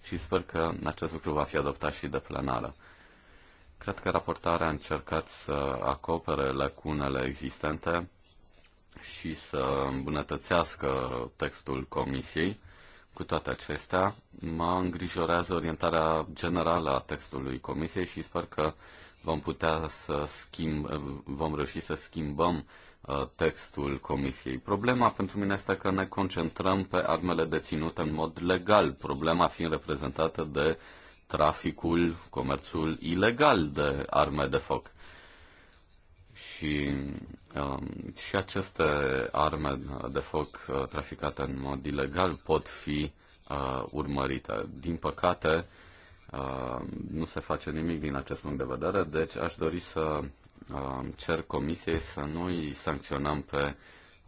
C: și sper că acest lucru va fi adoptat și de plenară. Cred că raportarea a încercat să acopere lacunele existente și să îmbunătățească textul comisiei. Cu toate acestea, mă îngrijorează orientarea generală a textului comisiei și sper că vom putea să schimb, vom reuși să schimbăm uh, textul comisiei. Problema pentru mine este că ne concentrăm pe armele deținute în mod legal, problema fiind reprezentată de traficul, comerțul ilegal de arme de foc și, um, și aceste arme de foc uh, traficate în mod ilegal pot fi uh, urmărite. Din păcate, uh, nu se face nimic din acest punct de vedere, deci aș dori să uh, cer comisiei să nu îi sancționăm pe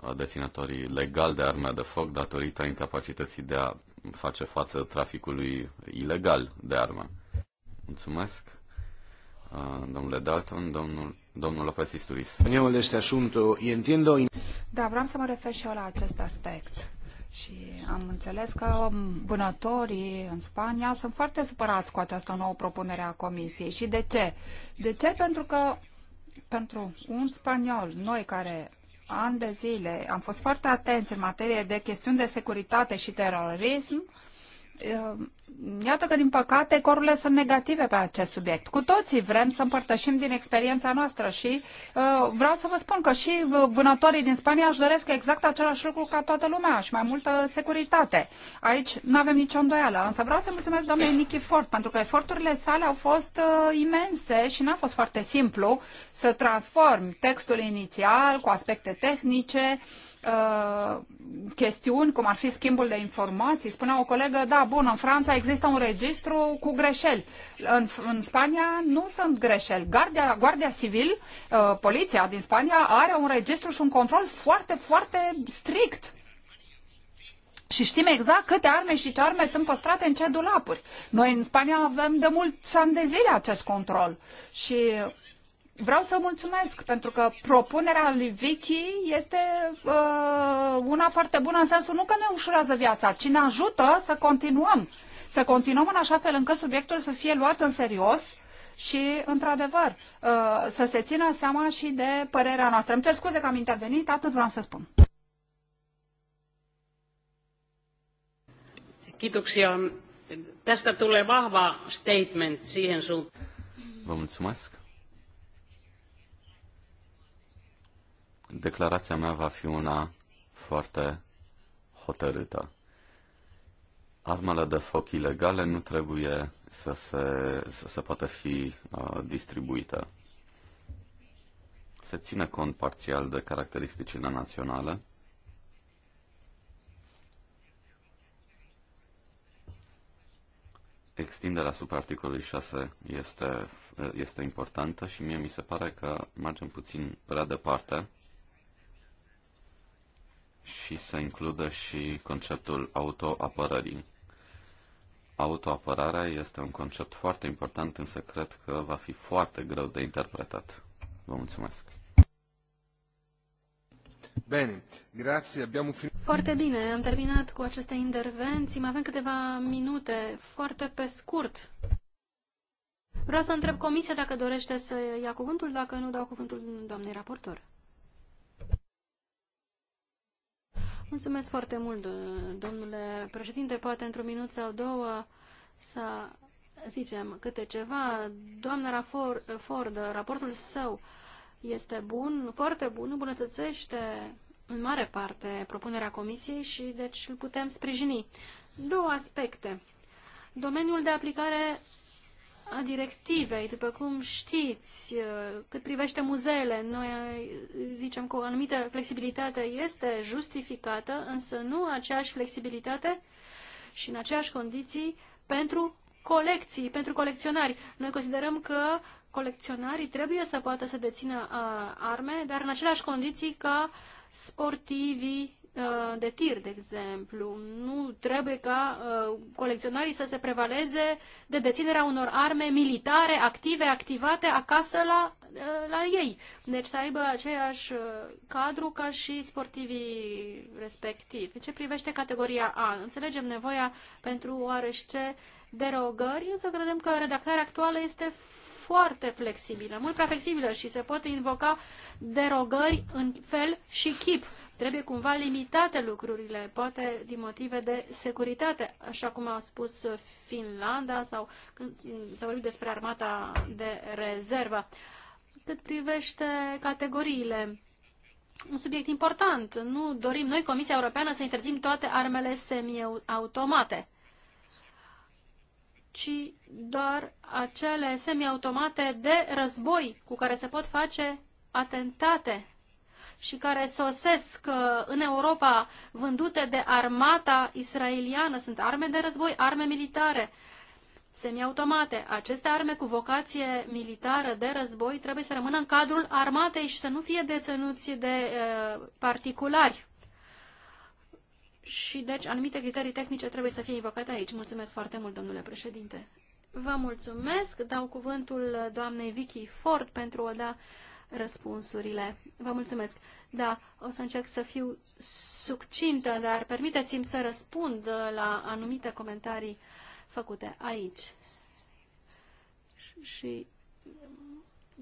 C: uh, deținătorii legal de arme de foc datorită incapacității de a face față traficului ilegal de arme. Mulțumesc, uh, domnule Dalton, domnul Domnul Lopez Isturiz.
B: Da, vreau să mă refer și eu la acest aspect. Și am înțeles că vânătorii în Spania sunt foarte supărați cu această nouă propunere a Comisiei. Și de ce? De ce? Pentru că pentru un spaniol, noi care ani de zile am fost foarte atenți în materie de chestiuni de securitate și terorism, Ehm, iată că, din păcate, corurile sunt negative pe acest subiect. Cu toții vrem să împărtășim din experiența noastră și uh, vreau să vă spun că și uh, vânătorii din Spania își doresc exact același lucru ca toată lumea și mai multă securitate. Aici nu avem nicio îndoială, însă vreau să mulțumesc domnului Nichi Ford, pentru că eforturile sale au fost uh, imense și n-a fost foarte simplu să transform textul inițial cu aspecte tehnice uh, Uh, chestiuni, cum ar fi schimbul de informații. Spunea o colegă, da, bun, în Franța există un registru cu greșeli. În, în Spania nu sunt greșeli. Guardia, Guardia Civil, uh, poliția din Spania, are un registru și un control foarte, foarte strict. Și știm exact câte arme și ce arme sunt păstrate în ce dulapuri. Noi în Spania avem de mult ani de zile acest control. Și Vreau să mulțumesc pentru că propunerea lui Vicky este uh, una foarte bună în sensul nu că ne ușurează viața, ci ne ajută să continuăm. Să continuăm în așa fel încât subiectul să fie luat în serios și, într-adevăr, uh, să se țină seama și de părerea noastră. Îmi cer scuze că am intervenit, atât vreau să spun.
D: statement
C: Vă mulțumesc. declarația mea va fi una foarte hotărâtă. Armele de foc ilegale nu trebuie să se, să se poată fi uh, distribuite. Se ține cont parțial de caracteristicile naționale, extinderea asupra articolului 6 este, este importantă și mie mi se pare că mergem puțin prea departe și să includă și conceptul autoapărării. Autoapărarea este un concept foarte important, însă cred că va fi foarte greu de interpretat. Vă mulțumesc! Bine, grazie, abbiamo finito.
D: Foarte bine, am terminat cu aceste intervenții. Mai avem câteva minute, foarte pe scurt. Vreau să întreb comisia dacă dorește să ia cuvântul, dacă nu dau cuvântul doamnei raportor. Mulțumesc foarte mult, domnule președinte. Poate într-un minut sau două să zicem câte ceva. Doamna Ford, raportul său este bun, foarte bun, îmbunătățește în mare parte propunerea comisiei și deci îl putem sprijini. Două aspecte. Domeniul de aplicare a directivei. După cum știți, uh, cât privește muzeele, noi uh, zicem că o anumită flexibilitate este justificată, însă nu aceeași flexibilitate și în aceeași condiții pentru colecții, pentru colecționari. Noi considerăm că colecționarii trebuie să poată să dețină uh, arme, dar în aceleași condiții ca sportivii Uh, de tir, de exemplu. Nu trebuie ca uh, colecționarii să se prevaleze de deținerea unor arme militare active, activate acasă la, uh, la ei. Deci să aibă aceeași cadru ca și sportivii respectivi. În ce privește categoria A, înțelegem nevoia pentru oarește derogări, însă credem că redactarea actuală este foarte flexibilă, mult prea flexibilă și se pot invoca derogări în fel și chip. Trebuie cumva limitate lucrurile, poate din motive de securitate, așa cum a spus Finlanda sau când s-a vorbit despre armata de rezervă. Cât privește categoriile, un subiect important. Nu dorim noi, Comisia Europeană, să interzim toate armele semiautomate ci doar acele semiautomate de război cu care se pot face atentate și care sosesc uh, în Europa vândute de armata israeliană. Sunt arme de război, arme militare semiautomate. Aceste arme cu vocație militară de război trebuie să rămână în cadrul armatei și să nu fie deținuți de uh, particulari. Și deci anumite criterii tehnice trebuie să fie invocate aici. Mulțumesc foarte mult, domnule președinte. Vă mulțumesc. Dau cuvântul doamnei Vicky Ford pentru a da răspunsurile. Vă mulțumesc. Da, o să încerc să fiu succintă, dar permiteți-mi să răspund la anumite comentarii făcute aici. Și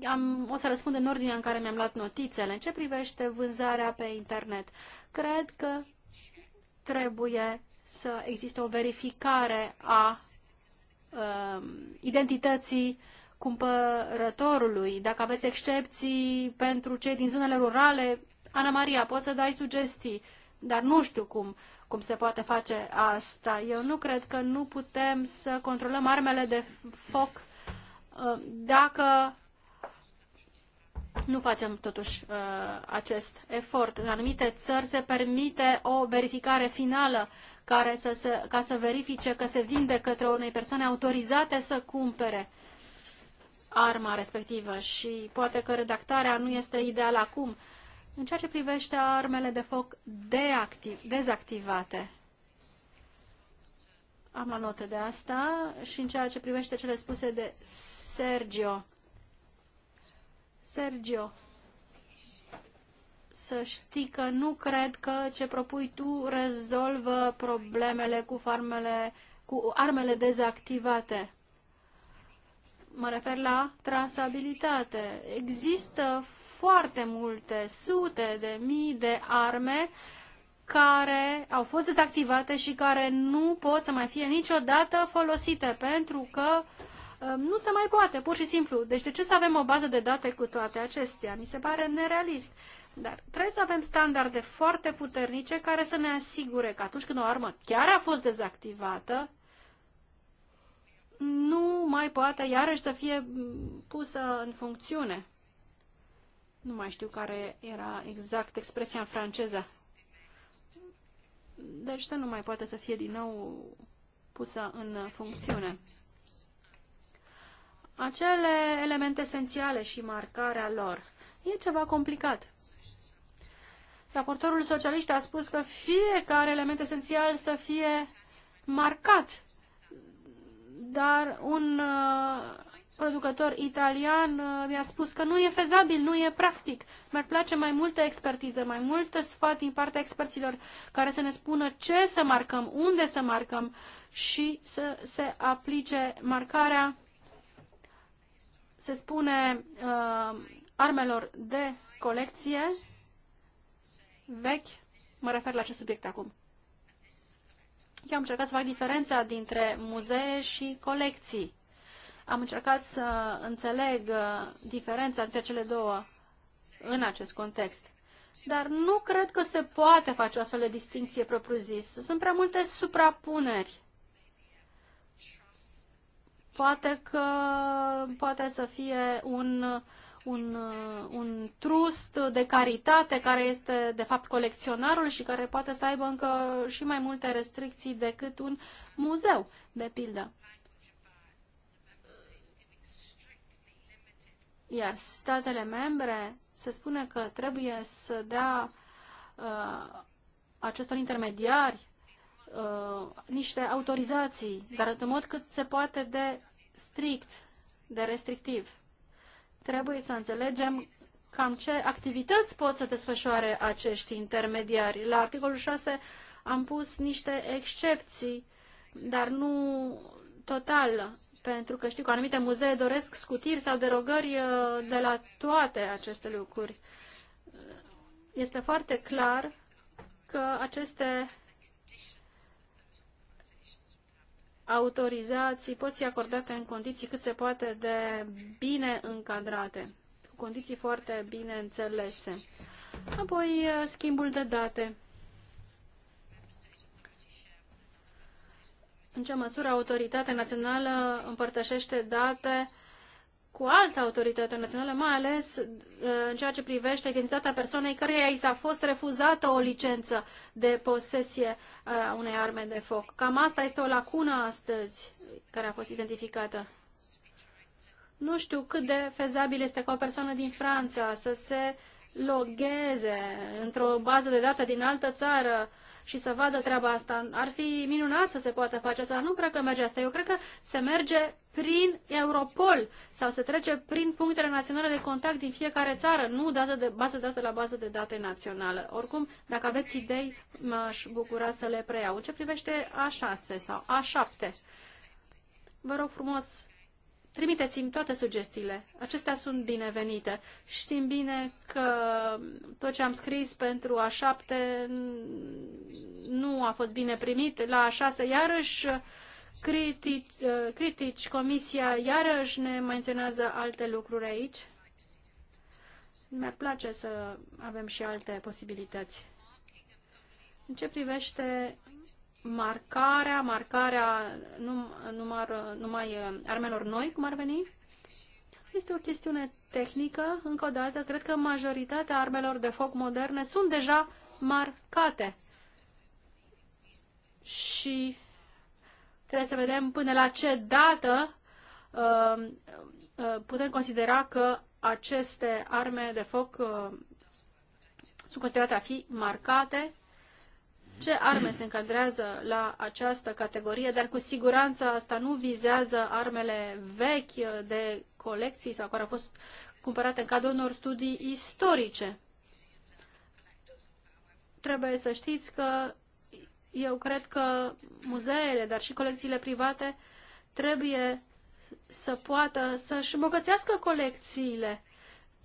D: am, o să răspund în ordinea în care mi-am luat notițele. În ce privește vânzarea pe internet? Cred că trebuie să existe o verificare a um, identității uh, cumpărătorului, dacă aveți excepții pentru cei din zonele rurale, Ana Maria, poți să dai sugestii, dar nu știu cum, cum se poate face asta. Eu nu cred că nu putem să controlăm armele de foc uh, dacă nu facem totuși uh, acest efort. În anumite țări se permite o verificare finală care să, se, ca să verifice că se vinde către unei persoane autorizate să cumpere arma respectivă și poate că redactarea nu este ideală acum. În ceea ce privește armele de foc deactiv, dezactivate, am la notă de asta și în ceea ce privește cele spuse de Sergio. Sergio, să știi că nu cred că ce propui tu rezolvă problemele cu, farmele, cu armele dezactivate. Mă refer la trasabilitate. Există foarte multe sute de mii de arme care au fost dezactivate și care nu pot să mai fie niciodată folosite pentru că uh, nu se mai poate, pur și simplu. Deci de ce să avem o bază de date cu toate acestea? Mi se pare nerealist. Dar trebuie să avem standarde foarte puternice care să ne asigure că atunci când o armă chiar a fost dezactivată, nu mai poate iarăși să fie pusă în funcțiune. Nu mai știu care era exact expresia în franceză. Deci să nu mai poate să fie din nou pusă în funcțiune. Acele elemente esențiale și marcarea lor e ceva complicat. Raportorul socialist a spus că fiecare element esențial să fie marcat dar un uh, producător italian uh, mi-a spus că nu e fezabil, nu e practic. Mi-ar place mai multă expertiză, mai multă sfat din partea experților care să ne spună ce să marcăm, unde să marcăm și să se aplice marcarea, se spune, uh, armelor de colecție vechi. Mă refer la acest subiect acum. Eu am încercat să fac diferența dintre muzee și colecții. Am încercat să înțeleg uh, diferența între cele două în acest context. Dar nu cred că se poate face o astfel de distinție propriu-zis. Sunt prea multe suprapuneri. Poate că poate să fie un uh, un, un trust de caritate care este de fapt colecționarul și care poate să aibă încă și mai multe restricții decât un muzeu, de pildă. Iar statele membre se spune că trebuie să dea uh, acestor intermediari uh, niște autorizații, dar în mod cât se poate de strict, de restrictiv. Trebuie să înțelegem cam ce activități pot să desfășoare acești intermediari. La articolul 6 am pus niște excepții, dar nu total, pentru că știu că anumite muzee doresc scutiri sau derogări uh, de la toate aceste lucruri. Este foarte clar că aceste autorizații pot fi acordate în condiții cât se poate de bine încadrate, cu condiții foarte bine înțelese. Apoi, eh, schimbul de date. În ce măsură autoritatea națională împărtășește date uh, cu alte autorități naționale, mai ales uh, în ceea ce privește identitatea persoanei care i s-a fost refuzată o licență de posesie uh, a unei arme de foc. Cam asta este o lacună astăzi care a fost identificată. Nu știu cât de fezabil este ca o persoană din Franța să se logheze într-o bază de date din altă țară și să vadă treaba asta. Ar fi minunat să se poată face asta, nu cred că merge asta. Eu cred că se merge prin Europol sau se trece prin punctele naționale de contact din fiecare țară, nu dată de, bază de date la bază de date națională. Oricum, dacă aveți idei, m-aș bucura să le preiau. În ce privește A6 sau A7, vă rog frumos, Trimiteți-mi toate sugestiile. Acestea sunt binevenite. Știm bine că tot ce am scris pentru a șapte nu a fost bine primit. La a șase, iarăși, critici, critici, comisia iarăși ne menționează alte lucruri aici. Mi-ar place să avem și alte posibilități. În ce privește marcarea, marcarea num, numar, numai uh, armelor noi, cum ar veni, este o chestiune tehnică. Încă o dată, cred că majoritatea armelor de foc moderne sunt deja marcate. Și trebuie să vedem până la ce dată uh, uh, putem considera că aceste arme de foc sunt considerate a fi marcate ce arme se încadrează la această categorie, dar cu siguranță asta nu vizează armele vechi de colecții sau care au fost cumpărate în cadrul unor studii istorice. Trebuie să știți că eu cred că muzeele, dar și colecțiile private trebuie să poată să-și îmbogățească colecțiile.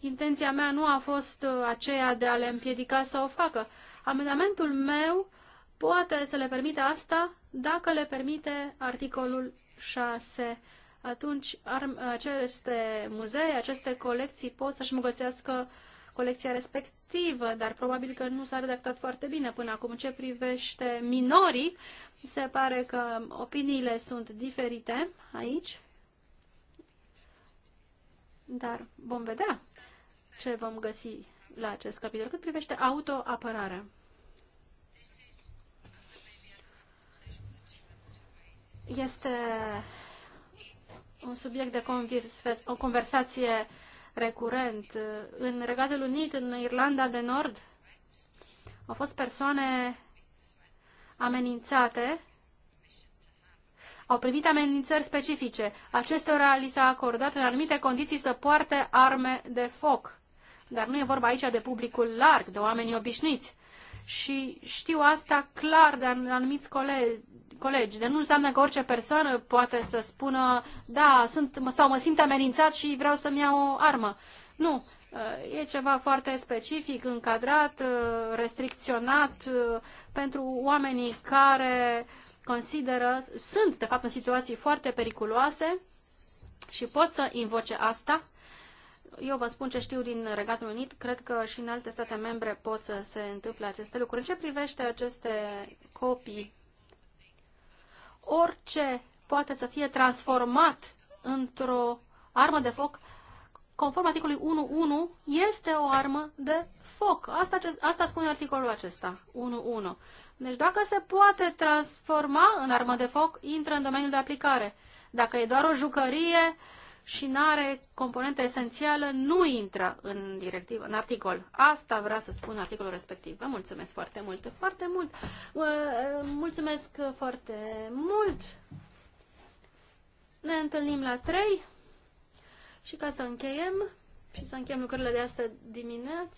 D: Intenția mea nu a fost aceea de a le împiedica să o facă Amendamentul meu poate să le permite asta dacă le permite articolul 6. Atunci ar, aceste muzee, aceste colecții pot să-și mugățească colecția respectivă, dar probabil că nu s-a redactat foarte bine până acum. Ce privește minorii, se pare că opiniile sunt diferite aici, dar vom vedea ce vom găsi la acest capitol. Cât privește autoapărarea, este un subiect de o conversație recurent. În Regatul Unit, în Irlanda de Nord, au fost persoane amenințate, au primit amenințări specifice. Acestora li s-a acordat în anumite condiții să poarte arme de foc. Dar nu e vorba aici de publicul larg, de oamenii obișnuiți. Și știu asta clar de anumiți colegi, De deci nu înseamnă că orice persoană poate să spună, da, sunt, sau mă simt amenințat și vreau să-mi iau o armă. Nu, e ceva foarte specific, încadrat, restricționat pentru oamenii care consideră, sunt de fapt în situații foarte periculoase și pot să invoce asta eu vă spun ce știu din Regatul Unit, cred că și în alte state membre pot să se întâmple aceste lucruri. În ce privește aceste copii, orice poate să fie transformat într-o armă de foc, conform articolului 1.1, este o armă de foc. Asta, ce, asta spune articolul acesta, 1.1. Deci dacă se poate transforma în armă de foc, intră în domeniul de aplicare. Dacă e doar o jucărie, uh, și nu are componentă esențială, nu intră în directivă, în articol. Asta vrea să spun articolul respectiv. Vă mulțumesc foarte mult, foarte mult. Uh, mulțumesc foarte mult. Ne întâlnim la 3 și ca să încheiem și să încheiem lucrările de astă dimineață.